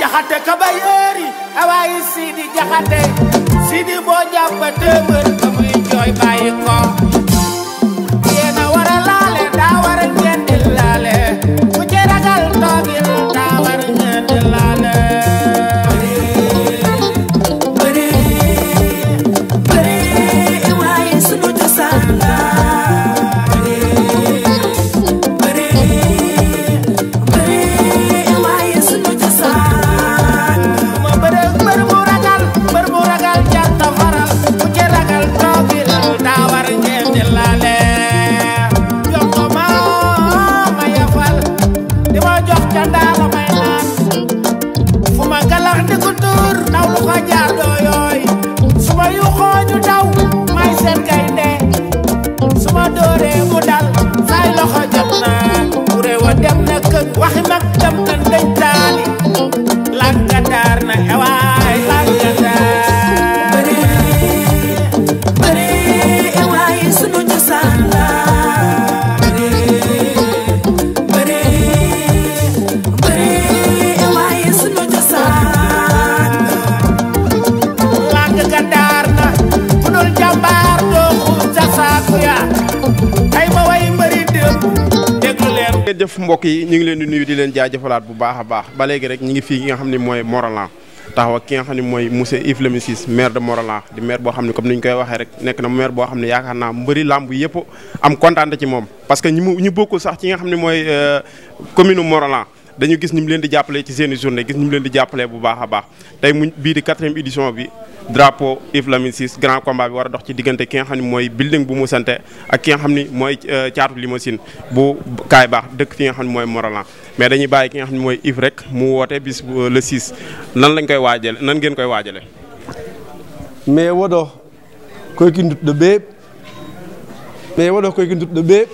jaxate ka bay heuri awaayi Sidi jahate. Sidi boo jàpp ba téeméer ba muy mbokk yi ñu ngi leen di nuyu di leen jaajëfalaat bu baax a baax ba léegi rek ñu ngi fii nga xam ne mooy Morolan taxaw ki nga xam ne mooy monsieur Yves Lamine Ciss maire de Morolan di maire boo xam ne comme ni ñu koy waxee rek nekk na maire boo xam ne yaakaar naa mbëri làmb yëpp am kontaan ci moom parce que mu ñu bokkul sax ci nga xam ne mooy euh, commune Morolan dañu gis ñu leen di jàppale ci seen i journée gis ñu leen di jàppale bu baax a baax bi drapeau Yves Lamine Ciss grand combat bi war a dox ci diggante ki nga xam ni mooy building bu mu sante ak ki nga xam ne mooy caatu euh, limousine bu kaay baax dëkk fi nga xam ne mooy Morolan mais dañuy bàyyi ki nga xam ne mooy Yves rek mu woote bis euh, le 6 nan lañ koy waajale nan ngeen koy waajale mais wodo koyki ndutɗo ɓee mais woɗo koyki ndutɗo ɓee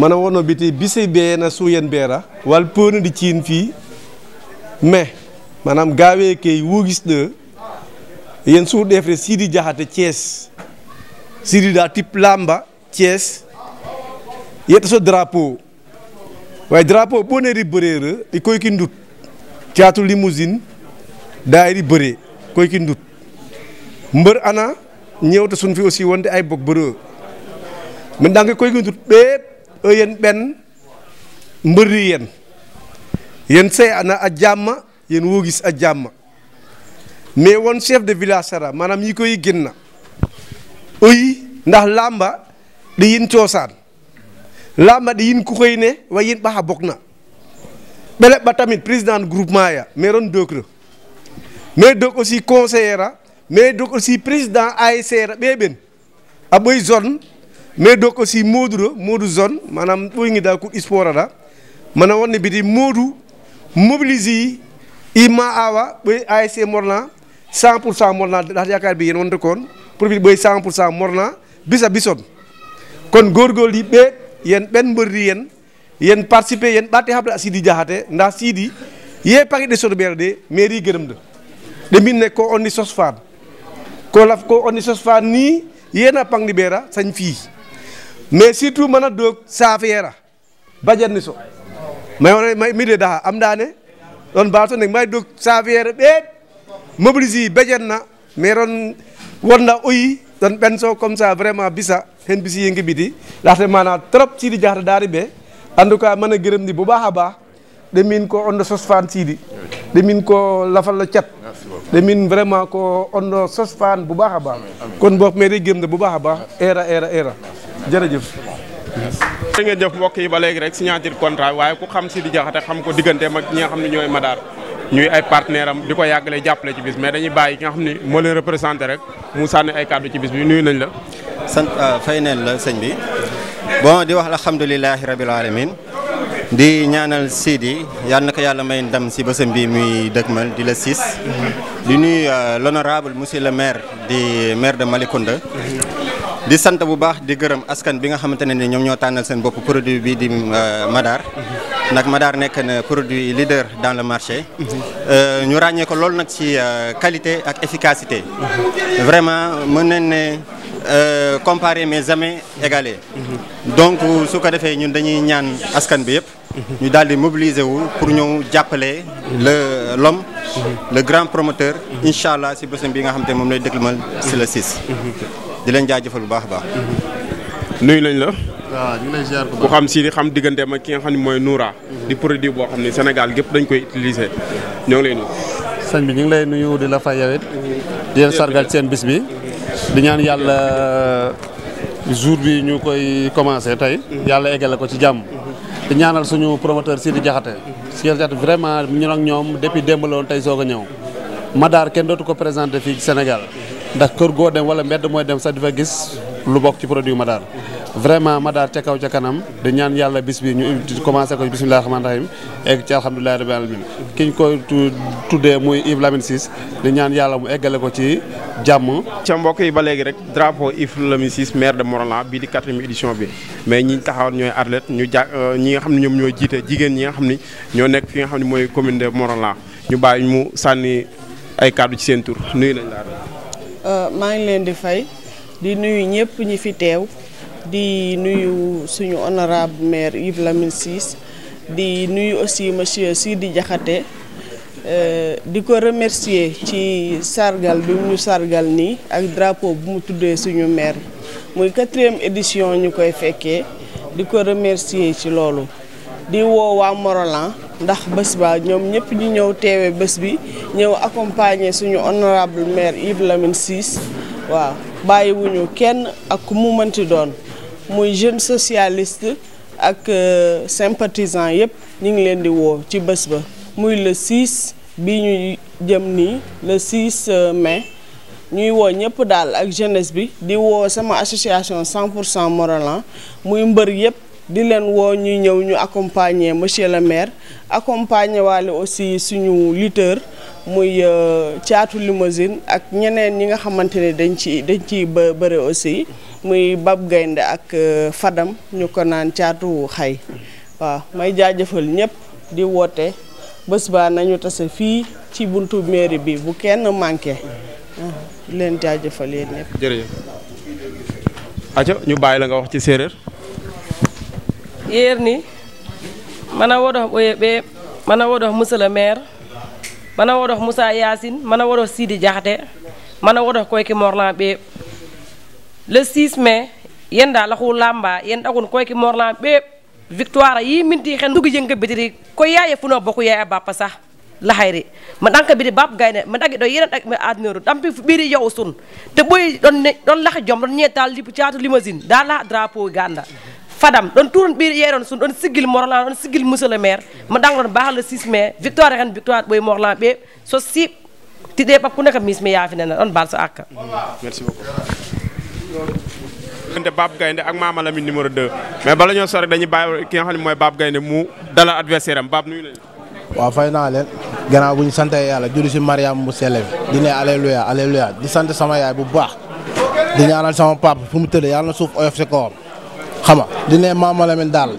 mana wonno bite bise beena suyen beera wal di ciin fii mais manam gaawee key wuugis ɗo yéen su defee Sidi Diakhaté cees Sidi daa type Lamba Thiès yetta so drapeau waaye drapeau boo nee di bëreera i koy ki ndut caatu limousine daay di bëree koy ki ndut mbër ana ñëwta sun fi aussi wonde ay bok bëree min dangi koy ki ndut ɓeep e yen ɓen mbëri yen yen sey ana a jamma yen wogis a jamma mais won chef de village sara maanaam yi koy génna uyi ndax lamba ɗi yin cosaan lamba ɗi yin kukoy ne wa yin ɓaxa bokna ɓele tamit président groupement ya mais ron dokro mais dok aussi conseiller a mais dok aussi président ASR a ɓeɓen a ɓoy zone mais dok aussi moduro modu zone manam ɓoyngida kuɗ sport aɗa mana wonne mbiti modu mobilise yi ima awa ɓoy ASC morlan 100% morna ndax yakkar bi yeen won pour bi boy 100% morna bisa bisoon kon gor gor li be yeen ben mbeur di yeen yeen participer yeen batti habla sidi jahate ndax sidi ye paquet de soto ɓeere de mairie geureum de de min ne ko onni sosfade ko laf ko onni sosfade ni yena pangdi ɓeera sañ fi mais surtout mana doog saafeera bajanni so mais mide da am daane don baato ne may doog saafeere ɓeet mobiliser bejen na meron wonna oyi dan penso comme ça vraiment bisa hen bisi yengi la ndaxte mana trop ci di jaar dari be en tout cas mana gërem di bu baaxa baax de min ko ondo sosfan di de min ko lafal la chat de min vraiment ko ondo sosfan bu baaxa baax kon bok méré gëm de bu baaxa baax era era era da ngeen jëf mbokk yi ba léegi rek signature contrat waye ku xam si di jaxate xam ko digënté mag ñi xam ni ñoy madar ñuy ay partenaire am diko ko jappalé ci bis mais dañuy bayyi nga xamni mo leen représenter rek mu sanni ay cadeau ci bis bi nuyu nañ la. sant euh, la señ bi bon di wax alhamdullilah rabbil alamin di ñaanal Sidi yalla naka yalla may ndam si bëssam bi muy dëgmal di la siis di nuyu euh, l'honorable monsieur le maire di maire de Malikonda di sant bu baax di gëreum askan bi nga xamantene ni ñom ñoo tanal seen bop produit bi di euh, Madar Nous est un produit leader dans le marché. Euh, nous euh, qualité et efficacité. vraiment nous euh, comparer mais jamais égalé. donc ce ko nous mobiliser pour nous l'homme le grand promoteur. Inshallah, si vous bi nga le 6. nuyu nañ la. waaw ñu ngi lay xam si ni xam digganteem ak ki nga xam mooy Noura. Mhm. di produit boo xam ne Sénégal gépp dañ koy utiliser ñoo ngi lay nuyu. bi ñu ngi lay nuyu di la fay yow it di leen sargal seen bis bi di ñaan yàlla euh, jour bi ñu koy commencé tey. Mhm. yàlla eggale ko ci jàmm. Mhm. di ñaanal suñu promoteur Sidi Diakhaté. Sidi Diakhaté vraiment ñun ak ñoom depuis démb la tey soog a ñëw. Madaar kenn dootu ko présenté fii ci Sénégal. ndax kër goo dem wala mbedd mooy dem sax di fa gis lu bokk ci produit daal vraiment Madaar ca kaw ca kanam di ñaan yàlla bis bi ñu commencé ko bisimilah rahmaani rahim egg ci alhamdulilah rabbil alamin ki ñu koy tuddee muy Yves Lamine Ciss di ñaan yàlla mu eggale ko ci jàmm. ca mbokk yi ba léegi rek drapeau Yves Lamine Ciss maire de Morolan bii di quatrième édition bi mais ñi taxawoon ñooy athlète ñu ja euh, ñi nga xam ne ñoom ñoo jiite jigéen ñi nga xam ni ñoo nekk fi nga xam ne mooy commune de Morolan ñu bàyyi mu sànni ay kàddu ci seen tur nuyu nañ laa Euh, maa ngi leen di fay di nuyu ñëpp ñi fi teew di nuyu suñu honorable maire Yves Lamine Ciss di nuyu aussi monsieur Sidi Diakhaté euh, di ko remercier ci sargal bi mu ñu sargal nii ak drapeau bu mu tuddee suñu maire muy quatrième édition ñu koy fekkee di ko remercier ci loolu di woo waa ndax bés ba ñoom ñëpp ñu ñëw teewe bés bi ñëw accompagner suñu honorable maire Yves Lamine Ciss waaw bàyyiwuñu kenn ak ku mu mënti doon muy jeune socialist ak euh, sympathisant yëpp ñu ngi leen di woo ci bés ba muy le 6 bi ñu jëm nii le 6 euh, mais ñuy woo ñëpp daal ak jeunesse bi di woo sama association cent pour cent Morolan muy mbër yëpp di leen woo ñuy ñëw ñu accompagner monsieur le maire accompagner waale aussi suñu lutteur muy caatu euh, limousine ak ñeneen ñi nga xamante ne dañ ci dañ ciy bë bëre aussi muy Bab Gaynde ak euh, faddam ñu ko naan caatu xay waaw may jaajëfal ñëpp di woote bés ba nañu tase fii ci buntu mairie bi bu kenn manqué di leen jaajëfal yéen ñëpp. aco ñu bàyyi la nga wax ci séeréer. ni mana woɗoh boye be mana woɗoh musa le maire mana woɗoh musa yasin, mana woɗoh sidi diahate mana woɗoh koyki morlan be le 6 mai yenda khu lamba yenda kun koyki morlan be victoire yi minti hen dugu jenga bidiri ko yaaye funo bokku yaya bappa sa lahayri ma bi di bab gayne ma ɗagi ɗo yena ɗagi mi adnoru ɗampi ɓiri sun te boy don don la joom don ñetal lipu ciatu limousine da la drapeau ganda fadam don turon bir yeron sun don sigil morlan don sigil monsieur le maire ma dang don baxal le 6 mai victoire ren victoire boy morlan be so si pa ku nek mis ɓakkude ya fi yaafinana don bal sa ak merci beaucoup ndé Bab Gaynde ak Mama Lamine numéro 2 mais bala ñoo sori dañuy bay ki nga xamni moy Bab Gaynde mu dala adversaire am Bab nuyu nañu wa fayna naa leen buñu santé yalla sante ci Mariam mu sell di né alléluia alléluia di santé sama yaay bu baax di ñaanal sama pap fu mu teulé yalla na suuf oyof ci kawam xam nga di ma Mama daal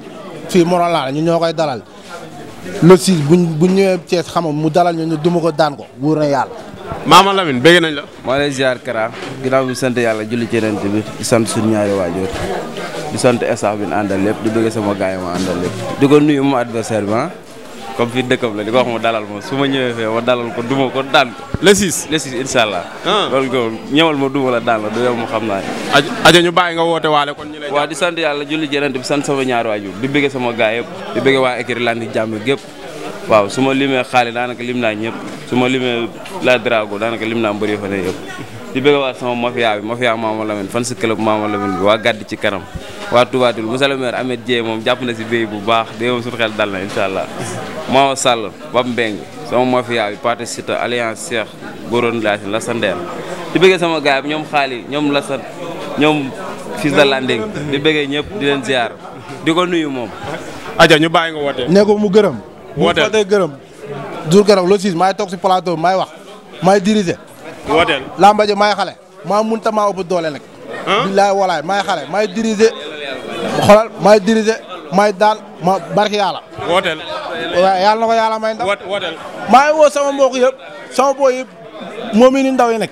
fii moral ñu ñoo koy dalal le six buñ buñ xama mu dalal ñu ñu duma ko daan ko wóor na yàlla. Mama Lamine bëgg nañ la. maa lay ziar Kara ginnaaw bi sant yàlla julli ci rent bi di sant suñu ñaari waajur di sant staff bi ñu àndal lépp di bëgg sama gaay ma àndal lépp di ko nuyu mu adversaire ah. comme fi dëkkam la di ko wax mu dalal ma su ma ñëwee fee ma dalal ko duma ko daan ko. le 6 le 6 allah. Ah. loolu ko ñëwal ma duma la daan la du yow ma xam naa ne. aja ñu bàyyi nga woote waale kon ñu lay. waaw di sant yàlla julli jërënt bi sant sama ñaar waajur di bëgg sama gaa yëpp di bëgg waa écurie Landi jàmm gépp waaw su ma limee xaale daanaka lim naa ñëpp su ma limee la drago daanaka lim naa mbëri fa ne yëpp di bëgg waat sama mafia bi mafia Mama Lamine fan si club Mama Lamine bi waa gàdd ci kanam waa Touba Toul monsieur le maire Ahmed Dieye moom jàpp na si béy bu baax de moom suñu xel dal na incha allah Mama Sall Bab Mbeng sama mafia bi Pathé Sita alliance Cheikh Góoroon Laasin la sandeer di bëggee sama gaay bi ñoom xaali ñoom la sa ñoom fils de Landing di bëggee ñëpp di leen ziar di ko nuyu moom aja ñu bàyyi nga woote ne ko mu gërëm woote gërëm jour gërëm le 6 maay toog si plateau maay wax maay diriger wooteel lamba ji maay xale maa munta maa ëpp doole nag billaay walaay maay xale maay diriger xoolal maay diriger maay daan ma barki yàlla wooteel waaw yàlla na ko yàlla may ndaw wooteel maa ngi sama mbokk yëpp sama boo moom yi ni ndaw yi nekk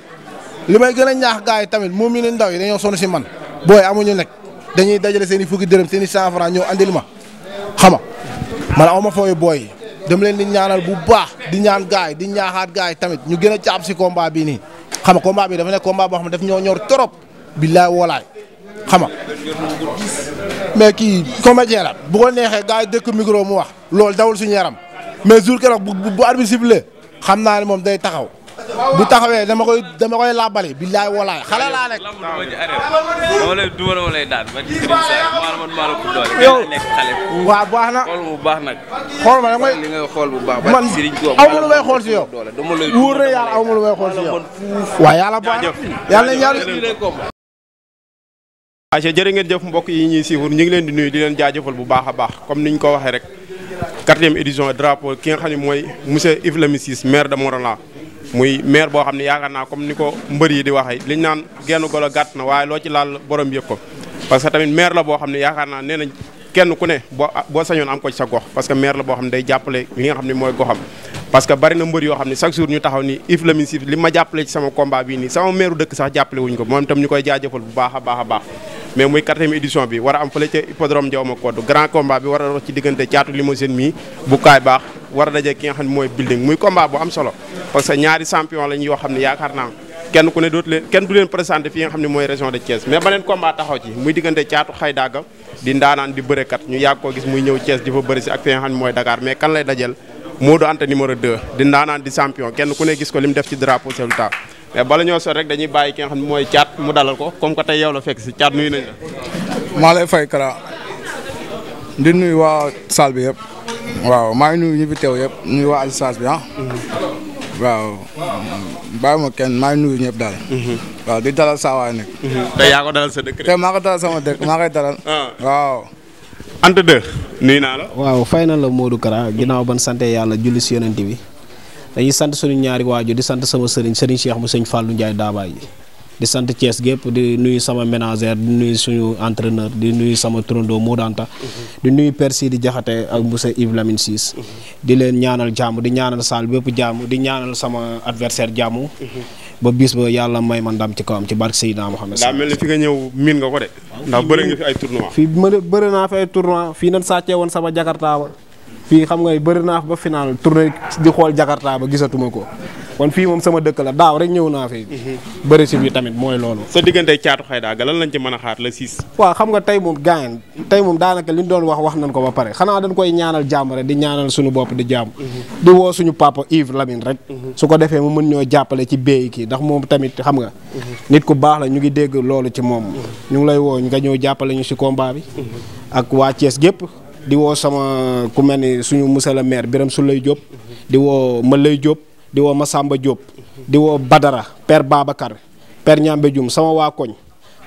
li may gën a ñaax gaa yi tamit moom yi ni ndaw yi dañoo sonn si man booy amuñu nekk dañuy dajale seen i fukki dërëm seeni i cent franc ñëw andil ma xama man aw ma booy dama leen di ñaanal bu baax di ñaan gaay di ñaaxaat gaay tamit ñu gën a jàpp si combat bii nii xam nga combat bi dafa nekk combat boo xam ne daf ñoo ñor trop billaay wolaay xam nga mais kii comédien la bu ko neexee gaay dëkk micro mu wax loolu dawul si yaram mais jour keroog bu bu arbitre sifflé xam naa ne moom day taxaw bu taxawee dama koy dama koy làbbali billaay walaay xale laa nekk. dama lay duma dama lay baax na xool bu baax nag. xool ma damay xool bu baax. man aw ma lu may xool si yow. wóor na yàlla yàlla baax na yàlla yàlla. aca jërë ngeen jëf mbokk yi ñuy ñu ngi leen di nuyu di leen jaajëfal bu baax a baax comme niñ ko waxee rek quatrième édition drapeau ki nga xam ne mooy monsieur Yves Lamine Ciss maire de muy maire boo xam ne yaakaar naa comme ni ko mbër yi di waxee liñ naan genn golo gàtt na waaye loo ci laal borom yëg ko parce que tamit maire la boo xam ne yaakaar naa nee nañ kenn ku ne boo boo sañoon am ko ci sa gox parce que maire boo xam ne day jàppale li nga xam ne mooy goxam parce que bari na mbër yoo ne chaque jour ñu taxaw ni if la min si li ma jàppale ci sama combat bii nii sama maire dëkk sax jàppale wuñ ko moom itam ñu koy jaajëfal bu baax a baax a baax mais muy quatrième édition bi war a am fële ca hippodrome Ndiaw ma grand combat bi war a dox ci diggante caatu war a daje ki xam mooy building muy combat bu am solo parce que ñaari champion lañ yoo xam ne yaakaar naa kenn ku ne dootu leen kenn du leen présenté fi nga xam ne mooy région de Thiès mais beneen combat taxaw ci muy diggante caatu xay dagga di ndaanaan di bërekat ñu yàgg koo gis muy ñëw Thiès di fa bëri si ak fi mooy Dakar mais kan lay dajel Modou Anta numéro 2 di ndaanaan di champion kenn ku ne gis ko li mu def ci drapeau Sélta mais bala ñoo sot comme que tey yow la fekk si di nuyu waaw salle bi yëpp. waaw maa ngi nuyu ñu fi teew yëpp nuyu waa assistance bi ah. waaw bàyyi ma kenn maa ngi nuyu ñëpp daal. Mhm. waaw di daral saa waay nag. Mhm. te yaa ko dalal sa dëkk te maa koy dalal. Ah. waaw. Anta 2 nuyu naa la. waaw fay na la Modou Kara ginnaaw ban santee yàlla julli si yonent bi dañuy sant suñu ñaari waajur di sant sama sëriñ sëriñ Cheikh mu sëñ Fallou Ndiaye Daabaay yi di sant Thiès gépp di nuyu sama ménagère di nuyu suñu entreneur di nuyu sama turandoo Moudanta mhm. di nuyu Persi di jaxate ak monsieur Yves Lamine Ciss mhm. di leen ñaanal jàmm di ñaanal saal bépp jàmm di ñaanal sama adversaire jàmmu mhm. ba bis ba yàlla may ma ndam ci kawam ci barke Seydina Mohamed daa mel ni fi nga ñëw miin nga ko de ndax bëri nga fi ay tournoi fii bëri naa fi ay tournoi fii nan sàccee woon sama jakarta ba fii xam nga bëri naa fi ba final tournée di xool jakarta ba gisatuma ko kon fii moom sama dëkk la daaw rek ñëw naa fi. bëri si bi tamit mooy loolu. sa diggante caatu xaydaa daa lan lañ ci mën a xaar le 6. waaw xam nga tey moom gaañ tey moom daanaka li ñu doon wax wax nañ ko ba pare xanaa dañ koy ñaanal jàmm di ñaanal suñu bopp di jàmm. Mhm. di woo suñu papa Yves rek. Mhm. su ko defee mu mën ñoo jàppale ci béy kii ndax moom tamit xam nga. Mhm. nit ku baax la ñu ngi dégg loolu ci moom. ñu ngi lay woo nga ñëw jàppale ñu si combat bi. ak waa Thiès gépp di woo sama ku mel ni suñu monsieur le maire Birame lay Diop. di woo lay Diop di woo ma Massamba Diop di woo Badara per Babacar Père Ñambe Dioum sama waa koñ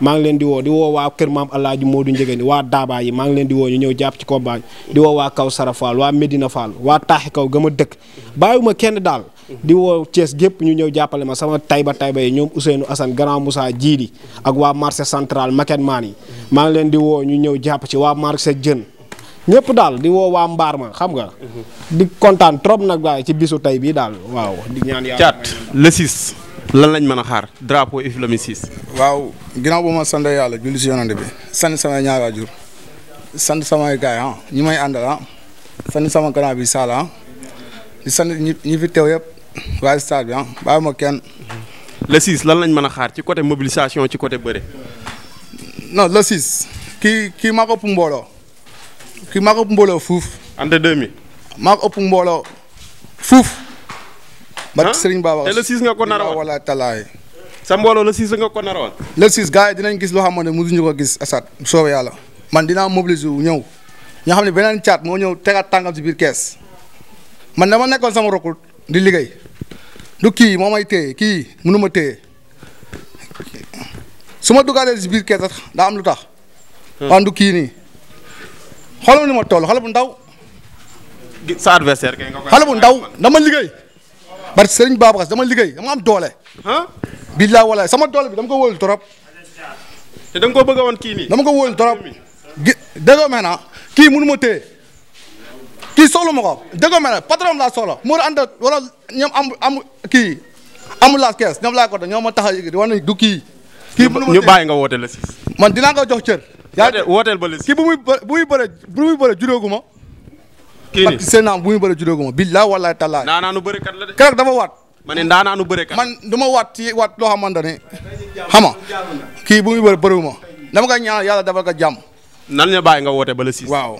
maa ngi leen di woo di woo waa kër maam du Moodu ni waa Daaba yi maa ngi leen di woo ñu ñëw jàpp ci combat di woo waa kaw Sara Fall waa Medina Fall waa taaxi kaw gama dëkk dëkk ma kenn daal di woo Thiès gépp ñu ñëw jàppale ma sama tayba tayba yi ñoom Ousseynou Assane Grand Moussa Djili ak waa marché central Maket Maan yi maa ngi leen di woo ñu ñëw jàpp ci waa marché Jën ñepp dal di wo wa mbar ma xam nga. di contane trop nak ba ci bisu tay bi dal waaw. di ñaan ya chat le 6 lan lañ mëna xaar drapeau Iflami 6. waaw ginaaw bu ma sande yalla julli ci yonande bi sande sama ñaara jur sande sama gaay ah ñi may andal ah sande sama kana bi sala ah di sande ñi fi tew yeb wa stade bi ah bàyyi ma kenn. le 6 lan lañ mëna xaar ci côté mobilisation ci côté bëre. non le 6 ki ki mako ko ëpp kii maa ko ëpp mbooloo fuuf. ante mbooloo fuuf. ba sëriñ Ba wax ko narawoon wala talaay. sa mbooloo le 6 nga ko narawoon. le 6 gars yi dinañ gis loo xamante ne mësuñu ko gis asat soobee yàlla man dinaa mobiliser wu ñëw ñoo xam ne beneen caat moo ñëw tegaat tàngam si biir kees man dama nekkoon sama rokul di liggéey du kii moo may téye kii mënu ma téye su ma duggaatee si biir kees daa am lu tax. waaw du kii xoolal ni ma toll xale bu ndaw. sa adversaire kay nga koy xale bu ndaw ma liggéey. parce que Serigne Babacar dama liggéey dama am doole. billaa walaay sama doole bi dama ko wóolu trop. te da nga ko bëgg a woon kii nii. dama ko wóolu trop. gi déggoo maintenant kii mënu ma téye kii ma ko déggoo maintenant patron laa solo mu ànd wala ñoom am am kii amul laas kees ñoom laa ko doon ñoom ma tax a yëg di wane du kii. kii mënu ma téye ñu bàyyi nga woote la man dinaa ko jox yaa wooteel ba kii bu muy bu bu muy bëre judooguma. kii nii seen naam bu muy bëre judooguma billaay wallaay tallaay. ndaanaanu bëre kat la dafa waat. ma ne ndaanaanu bëre kat. man du ma waat wat loo xamante ne xam nga kii bu muy bëre bëriwuma dama koy ñaan yàlla defal ko jàmm. nan la bàyyi nga woote ba le 6. waaw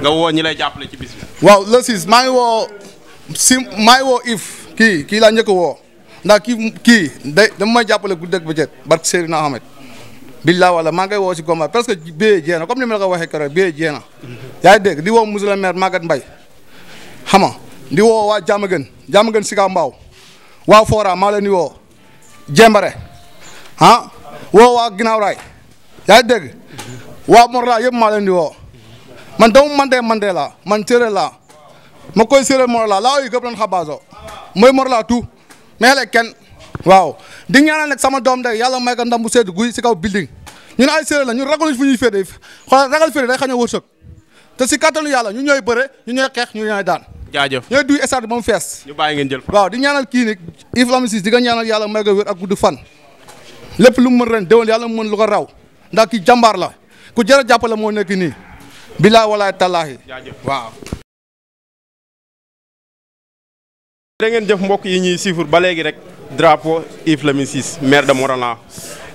nga woo ñi lay jàppale ci bis bi. maa ngi woo si maa ngi woo if kii kii laa njëkk woo ndax kii kii day dama may jàppale guddeeg bëccëg barke Serigne Ahmed billaa wala maa woo si combat parce que bee jeena comme ni ma la ko waxee keroog jeena yaa ngi dégg di woo monsieur le maire Maguette Mbaye xam nga di woo waa Diamaguène Diamaguène Sicap Mbao waa Fora maa di woo Jembare ah woo waa Ginaaw Raay yaa ngi waa Morla yëpp maa di woo man doomu Mandé Mandé laa man séeréer laa ma koy séeréer Morla laa ooyu gëpp lan xabaaso mooy Morla tout mais xale kenn Wow, di ñaanal nag sama doom day yàlla may ko ndam bu sedd guy building ñun ay séeréer la ñun ragaluñ fu ñuy féetee xoolal ragal féetee day xañ a wërsëg te si kattanu yàlla ñu ñooy bëre ñu ñooy xeex ñu ñooy daan jaajëf ñooy duy stade ba mu fees ñu bàyyi ngeen jël waaw di ñaanal kii nag if lam Ciss di nga ñaanal yàlla may ko wér ak gudd fan lépp lu mu mën ren déwén yàlla mu mën lu ko raw ndax ki jàmbaar la ku jërë jàppale moo nekk nii bilaa walaay tallaahi waaw da ngeen jëf mbokk yi ñuy siifur ba léegi rek drapeau Yves Lamine Ciss maire de Morolan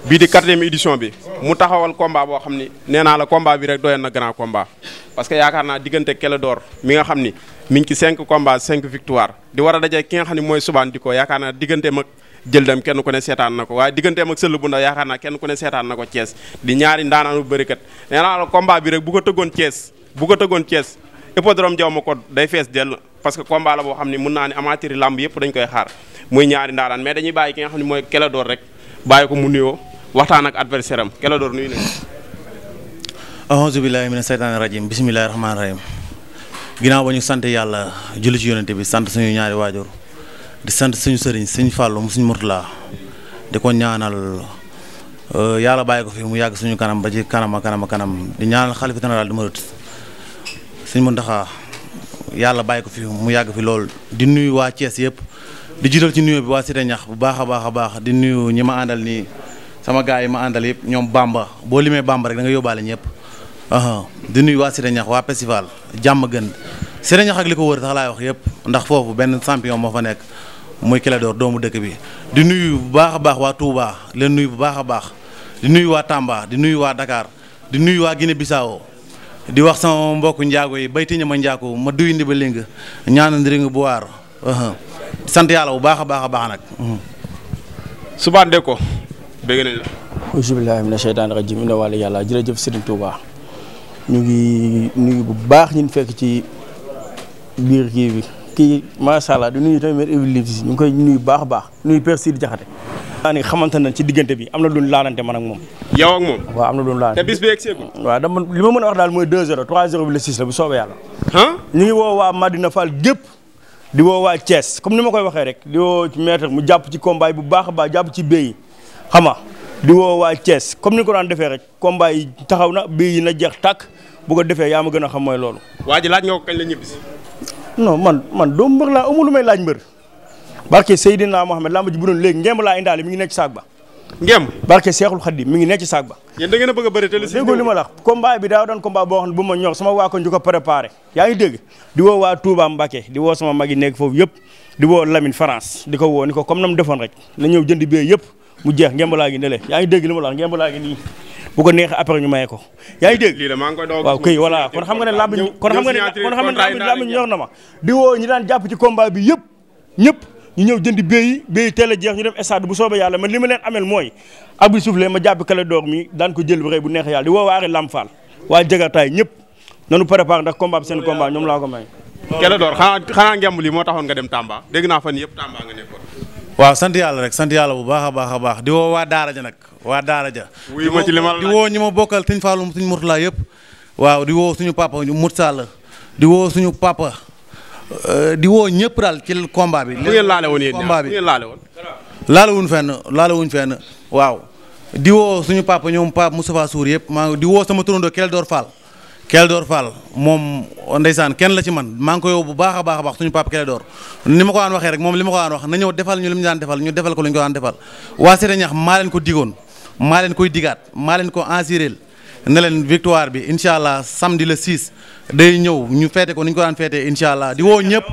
bii di quatrième édition bi mu taxawal combat boo xam ni nee naa la combat bi rek doyoon na grand combat parce que yaakaar naa diggante Kéledor mi nga xam ni mi ngi ci cinq combats cinq victoire di war a daje ki nga xam ni mooy subaan ko yaakaar naa diggante mag jël dem kenn ku ne seetaan na ko waaye digganteem ak sëll bu ndaw yaakaar naa kenn ku ne seetaan na ko Thiès di ñaari ndaanaanu bërikat nee naa la combat bi rek bu ko tëggoon Thiès bu ko tëggoon Thiès hippodrome jaw ma ko day fees dell parce que combat la boo xam ne mën naa ne amaatiri làmb yëpp dañ koy xaar muy ñaari ndaaraan mais dañuy bàyyi ki nga mooy Clédor rek bàyyi ko mu nuyoo waxtaan ak adversaire am Clédor nuyu nañu. aouzu billahi mina seytaani rajim bismillahi rahmaani rahim ginnaaw ba ñu sant yàlla julli ci yonente bi sant suñu ñaari waajur di sant suñu sëriñ suñu fàllu mu suñu murtala di ko ñaanal euh, yàlla bàyyi ko fi mu yàgg suñu kanam ba ci kanam a kanam kanam di ñaanal di ma rët suñu yalla bàyyi ko fi mu yàgg fi lol di nuyu waa Thiès yëpp di jiital ci nuyoo bi waa Cité ñax bu baax a baax a di nuyu ñi ma àndal sama gars ma àndal yëpp ñoom Bamba boo limee Bamba rek da nga yóbbaale aha di nuyu waa Cité ñax waa festival jàmm gën Cité ñax ak li ko wër sax laay wax yëpp ndax foofu benn champion moo fa nekk muy Clédor doomu dëkk bi di nuyu bu baax a baax waa Touba leen nuyu bu baax baax di nuyu waa Tamba di nuyu waa Dakar di nuyu waa Guinée Bissau di wax sama mbokku njaago yi bayti ña ma njaago ma duy ndiba léng ñaana ndiringa bu waar uh-huh. sant yàlla bu baax a baax a baax nag uh-huh. subaande ko bégg nañ la auzubillahi mina sheytaani rajim inna wàllu yàlla jërëjëf Serigne Touba ñu ngi nuyu bu baax ñun fekk ci biir kii bi kii macha allah di nuyu tamit ñu ngi koy nuyu baax a baax nuyu Père Sidi Diakhaté. maa ni xamante na ci diggante bi am na lu ñu laalante man moom. yow ak moom. waaw am na lu ñu bis bi egg seegul. dama li ma mën a wax daal mooy 2 0 3 0 bi le 6 la bu soobee yàlla. ñu ngi woo waa Madina Fall gépp di woo waa Thiès comme ni ma koy waxee rek di woo ci maître mu jàpp ci kombaay bu baax a baax jàpp ci béy xam nga di woo waa Thiès comme ni ko daan defee rek combat yi taxaw na béy na jeex tàkk bu ko defee yaa ma gën a xam mooy loolu. waa ji laaj nga ko kañ la ñibbisi non man man doomu mbër laa amul lu may laaj mbër barke Seydina Mohamed laa ma ji bu doon léegi ngemb laa indaale mi ngi nekk saag ba ngemb barke Seexul Xaddim mi ngi nekk ci saag ba yéen da ngeen a bëgg a bëri te li déggoo li ma la combat bi daa doon combat boo xam ne bu ma ñor sama waa ko ñu ko di woo waa nekk foofu yëpp di woo Lamine France di ko woo ko comme na mu defoon rek na ñëw jënd bee yëpp mu jeex ngemb laa ngi ne yaa ngi dégg li ma la nii bu ko neexee après ñu maye ko yaa ngi dégg waaw kay voilà kon xam nga ne làmb kon ñor na ma di woo ñi daan jàpp ci combat bi yëpp ñëpp ñu ñëw jënd béy béy teel a jeex ñu dem stade bu soobee yàlla man li ma leen amel mooy abdi soufflé ma jàpp kale door mi daan ko jël bu rëy bu neex yàlla di woo waari làmb faal waa jagataay ñëpp nanu préparé ndax combat bi seen combat ñoom laa ko may Kelle Dóor xanaa xanaa ngemb li moo taxoon nga dem Tamba dégg naa fan yëpp Tamba waaw sant yàlla rek sant yàlla bu baax a baax a baax di waa daara ja nag waa daara ja wuyu ma ci li ma la bokkal waaw di woo suñu papa Mout Sall di woo suñu papa euh, di woo ñëpp daal ci combat bi. bu ngeen laale woon yéen combat bi laale wuñ fenn laale wuñ fenn waaw di woo suñu papa ñoom papa Moustapha Sour yëpp maa ngi di woo sama turandoo Kelle Dor Fall. Kelédoor Fall moom ndeysaan kenn la ci man maa ngi ko yow bu baax a baax a baax suñu pap Kelédoor ni ma ko daan waxee rek moom li ma ko daan wax na ñëw defal ñu daan defal ñu defal ko lu ñu ko daan defal waa Cité Ñax maa leen ko digoon maa leen koy digaat maa leen ko ensiréel ne leen victoire bi incha allah samedi le 6 day ñëw ñu feete ko ni ñu ko incha allah di woo ñëpp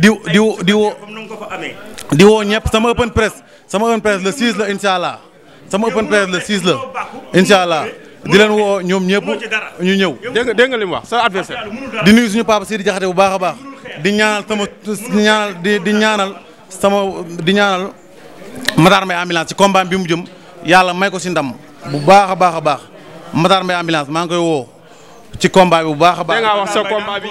di di di woo di woo ñëpp sama open press sama open press le 6 la incha allah sama open press le 6 la incha allah di len wo ñom ñepp ñu ñew de nga lim wax sa adversaire di nuyu suñu papa Sidi jaxate bu baaxa baax di ñaanal sama ñaanal di ñaanal sama di ñaanal Matar ambulance ci combat bi mu jëm yalla may ko si ndam bu baaxa baaxa baax a Matar Mbaye ambulance ma ngi wo ci combat bi bu baaxa baax. da nga wax sa combat bi.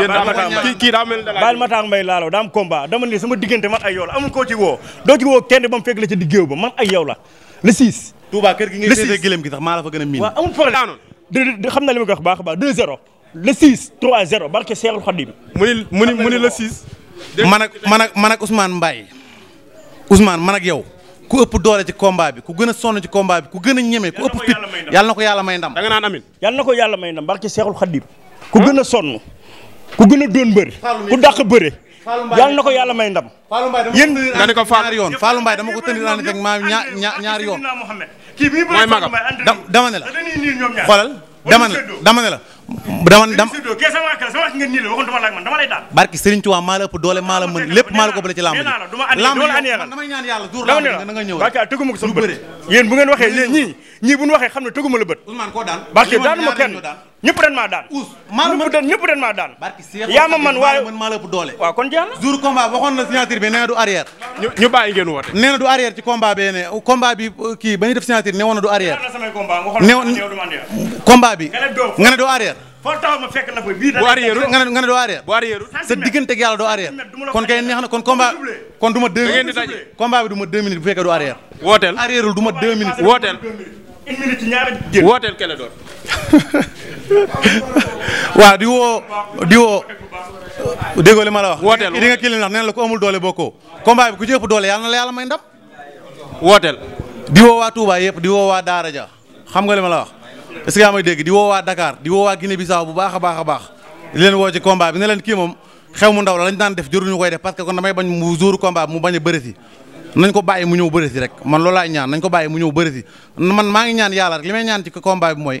yéen daal mel da la. Matar Mbaye laalo combat dama ni sama diggante man ay yow amul ci wo do ci wo kenn bam fekk la ci digëw ba man ay yow la. la 6. Touba kër gi ngay seetee gëlëm gi sax maa la fa gën a miin. waaw amul problème daanoon. xam na li ma ko wax baax barke Seexul Xadim. mu mu ni mu ni le 6. man ak man ak man ak Ousmane man ak yow. ku ëpp doole ci combat bi ku gën a sonn ci combat bi ku gën a ñeme ku ëpp fit yàlla na ko yàlla may ndam da nga naan amin na ko yàlla may ndam barke Seexul Xadim ku gën a sonn ku gën a doon ku dàq bëre yàlla na ko yàlla may ndam. yéen ñaar yoon. mooy magam dama ne la xoolal dama ne la dama ne la. dama dama barki Serigne Touba maa la ëpp doole maa la mën lépp maa la ko bële ci làmb ji damay ñaan yàlla duur làmb nga ñëw barka tëgguma ko sama bët yéen bu ngeen waxee ñii ñii bu ñu waxee xam ne tëgguma la bët barke daanuma kenn ñëpp dañ maa daan. Ousse maa la mën ñëpp dañ maa daan. yaa ma man waaye maa la ëpp doole. waaw kon jeex na na signature bi nee du arrière. ñu ñu bàyyi ngeen woote. du arrière ci combat bi nga ne doo arrière sa diggante ak yàlla doo arrière kon kay neex na kon combat kon du ma deux minutes bi du ma deux bu fekkee du ma deux minutes wooteel une minute ci waaw di woo woo déggoo li ma la wax. wooteel di nga kilim ndax nee na la ku amul doole bokkoo. combat bi ku ci ëpp doole yàlla na la yàlla may ndam. wooteel. di woo waa Touba yëpp di waa Daara ja xam nga li ma la wax est-ce que yaa dégg di woo waa Dakar di woo waa Guinée Bissau baax a baax a baax di leen woo ci combat bi ne leen kii moom xew mu ndaw la lañ daan def juruñu koy def parce que kon damay bañ mu jour combat mu bañ a bëri nañ ko bàyyi mu ñëw bëri si rek man loolaay ñaan nañ ko bàyyi mu ñëw bëri si man maa ngi ñaan yàlla rek li may ñaan ci combat bi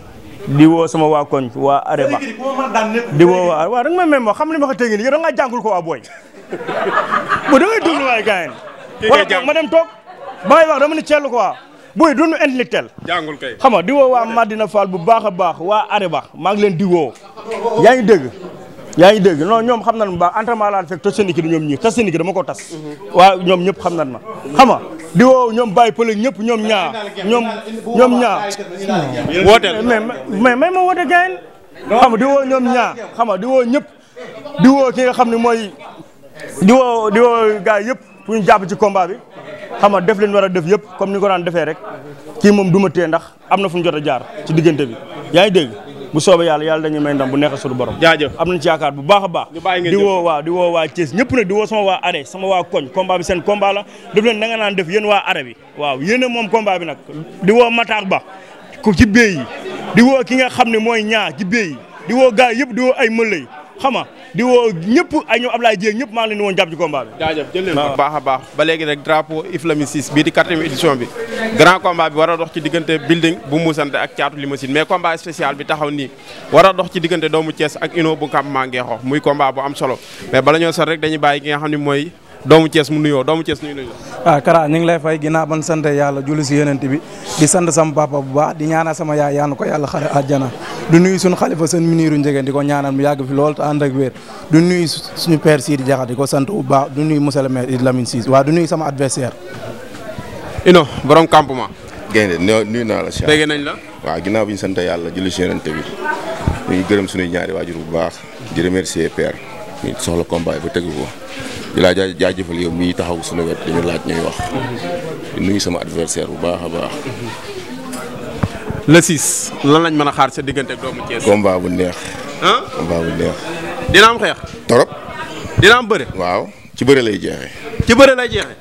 di woo sama waa koñ waa Areba di woo waa waaw danga ma même xam ne ma ko tëgg nii yow da ngaa jàngul ko waa booy bu da ngay dund waay gars yi ma dem toog ba ngay wax dama ni ceelu quoi booy dund intellectuel jàngul kay xam nga di woo waa Madina faal bu baax a baax waa Areba maa ngi leen di woo yaa ngi dégg yaa ngi dégg non ñoom xam nañu bu baax entraînement laa fekk tas seen équipe ñoom ñii tas seen équipe dama ko tas mhm. waa ñoom ñëpp xam nañu ma xam di woow ñoom bàyyi pël ñëpp ñoom ñaar ñoom ñoom ñaar wooteel mais mais mais ma woote gayen xam di woo ñoom ñaar xam di woo ñëpp di woo ki nga xam ne mooy di woo di woo gars yëpp pour ñu jàpp ci combat bi xam def leen war a def yëpp comme ni ko daan defee rek kii moom du ma tee ndax am na fu ñu jot a jaar ci diggante bi yaa ngi dégg bu soobee yàlla yàlla dañu may ndam bu neexee suñu borom jaajëf am nañ ci yaakaar bu baax a baax di woo waa di woo waa Thiès ñëpp nag di woo sama waa are sama waa koñ combat bi seen combat la daf nga naan def yéen waa are bi waaw yéen moom combat bi nag di woo Matar Ba ku ci béy di woo ki nga xam ne mooy ñaa ci béy yi di woo gars yëpp di woo ay mëlay xam nga di woo ñëpp ay ñoom Ablaye Dieng ñëpp maa ngi leen di woon jàpp ci combat bi. jël leen bu baax a baax ba léegi rek drapeau Iflami 6 bii di quatrième édition bi grand combat bi war a dox ci diggante building bu muusante ak caatu limousine mais combat spécial bi taxaw nii wara a dox ci diggante doomu cees ak Uno bu campement Ngeexoox muy combat bu am solo mais bala ñoo sori rek dañuy bàyyi ki nga xam ni mooy doomu Thiès mu nuyoo doomu Thiès ah, Kara ñu ngi lay fay ginnaaw ban sant yàlla julli si yonent bi di sant sama papa bu baax di ñaanal sama yaay yaanu ko yàlla xare àjjana du nuyu suñu xalifa seen miniiru njëgeen di ko ñaanal mu yàgg fi lool te ànd suñu père Sidi Diakha ko sant bu baax du nuyu monsieur le maire Idi Lamine Cissé waaw du nuyu sama adversaire. Ino borom campement. gaynde nuyu naa la. dégg nañ la. waaw ginnaaw bi ñu sant yàlla julli si yonent bi ñu gërëm suñuy ñaari waajur bu baax di remercier père nit soxla combat yi ba tegu ko di laa jaajëfal yow mii taxaw suñu wet dañu laaj ñuy wax di nuyu sama adversaire bu baax a baax. le lan lañ mën a xaar sa diggante ak doomu Thiès. bu neex. ah combat bu neex. dina am xeex. torop dina am bëre. waaw ci bëre lay jeexee. ci bëre lay jeexee.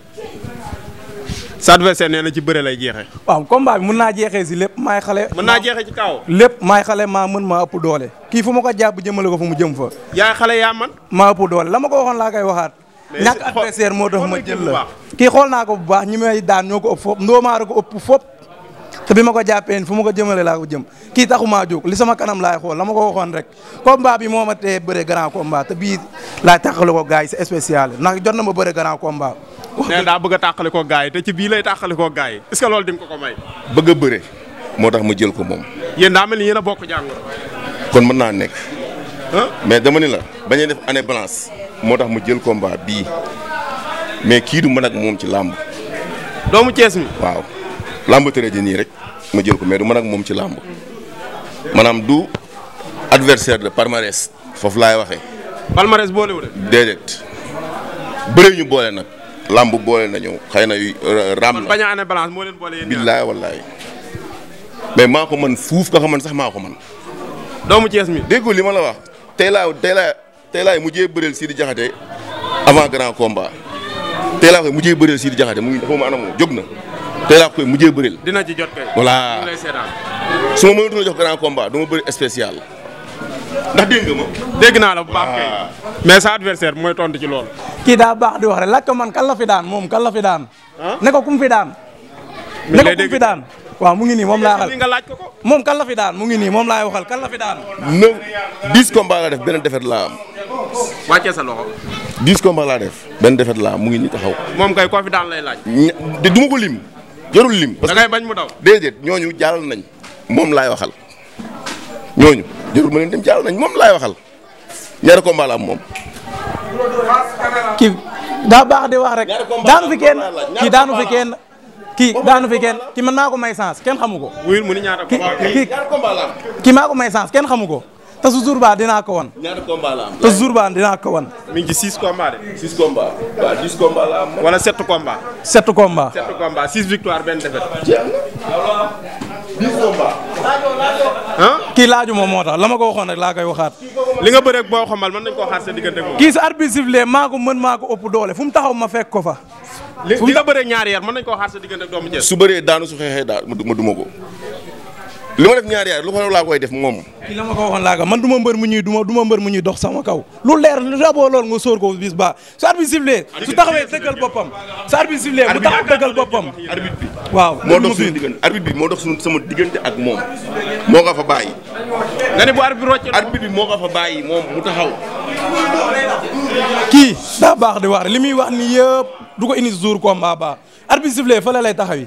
sa adversaire nee na ci bëre lay jeexee. waaw combat bi mën naa jeexee si lépp maay xale. mën naa jeexee ci kaw. lépp maay xale maa mën maa ëpp doole. kii fu ma ko jàpp jëmale ko fu mu jëm fa. yaa xale yaa man. maa ëpp doole la ma ko waxoon laa koy waxaat. ñàkk adversaire moo tax ma jël la kii xool naa ko bu baax ñi may daan ñoo ko ëpp fop ndoomaara ko ëpp fop te bi ma ko jàppee fu ma ko jëmale laa ko jëm kii taxumaa jóg li sama kanam laay xool la ma ko xoon rek combat bi moo ma tee bëre grand combat te bii laay tàqale ko gars yi c'est spécial ndax jot na ma bëre grand combat. nee daa bëgg a tàqale ko gars yi te ci bii lay tàqale ko gars yi est-ce que ko ko may. bëgg a bëre moo tax ma jël ko moom. yéen daa mel yën a bokk jàng. kon mën naa nekk. mais dama ni la bañ def année balance moo tax mu jël combat bii mais kii du mën ak moom ci làmb. doomu waaw làmb tëre ji ma jël ko mais du man ak moom ci làmb maanaam du adversaire de palmarès foofu laay waxe waxee. palmarès boolewul déedéet bëri ñu boole nag. làmb boole na ñëw xëy na raam na bañ a ane balance moo leen boole yéen billaay wallaay mais maa ko man fuuf nga xaman sax maa ko man doomu Cees mi déggul li ma la wax tey laa tey laa tey laay mujjee bëreel Sidi Diakhaté avant grand combat tey laa koy mujjee bëreel di Diakhaté mu ngi xaw ma anamoo jóg na te laa koy mujjee bëril. dina ci jot kay. voilà su ma mënatul jox grand combat du la baax ah. mais adversaire di wax rek laaj ko man kan la fi daan moom kan la fi daan. Ah? ne ko kum fi daan. ne ko kum fi daan. waaw mu ngi nii moom laa waxal nga laaj ko ko. moom kan la fi daan mu ngi nii moom kan kay lim. jarul lim. parce que da ngay bañ mu daw. déedéet ñooñu jàllal nañ moom laay waxal ñooñu jarul ma leen dem nañ moom laay waxal ñaari combat la am moom. kii daa baax de wax rek. daanu fi kenn kii daanu fi kenn. kii daanu fi kenn kii man maa ko may sens kenn xamu ko. wuyul mu ni ñaata combat kii may sens kenn xamu ko. te su jour ba dinaa ko wan. ñaata combat la am. te su jour ba six wala sept combats. sept combats. sept combats six victoire benn défaite. kii laaju moom moo tax la ma ko waxoon rek laa koy waxaat. li nga bëreeg boo xamal mën nañu koo xaar sa diggante moom. kii sa ko mën maa ko ëpp doole fu mu taxaw ma fekk ko fa. li nga bëree ñaari yar mën nañu koo xaar sa diggante ak doomu Thiès. su bëree daanu su xeexee daal ma duma ko. li ma def ñaari yaay lu ko laa koy def moom. ki ma ko man du ma mbër mu ñuy du ma du ma mbër mu ñuy dox sama kaw lu leer lu raboo lool nga sóor ko bis ba su arbitre sifflé su taxawee dëggal boppam su arbitre sifflé bu taxaw dëggal boppam. arbitre bi waaw moo dox suñu diggante arbitre bi moo dox suñu sama diggante ak moom moo ko fa bàyyi. na ne bu arbitre rocc arbitre bi moo ko fa bàyyi moom mu taxaw. kii daa baax di wax li muy wax ni yëpp du ko indi jour combat ba arbitre sifflé fa la lay taxawi.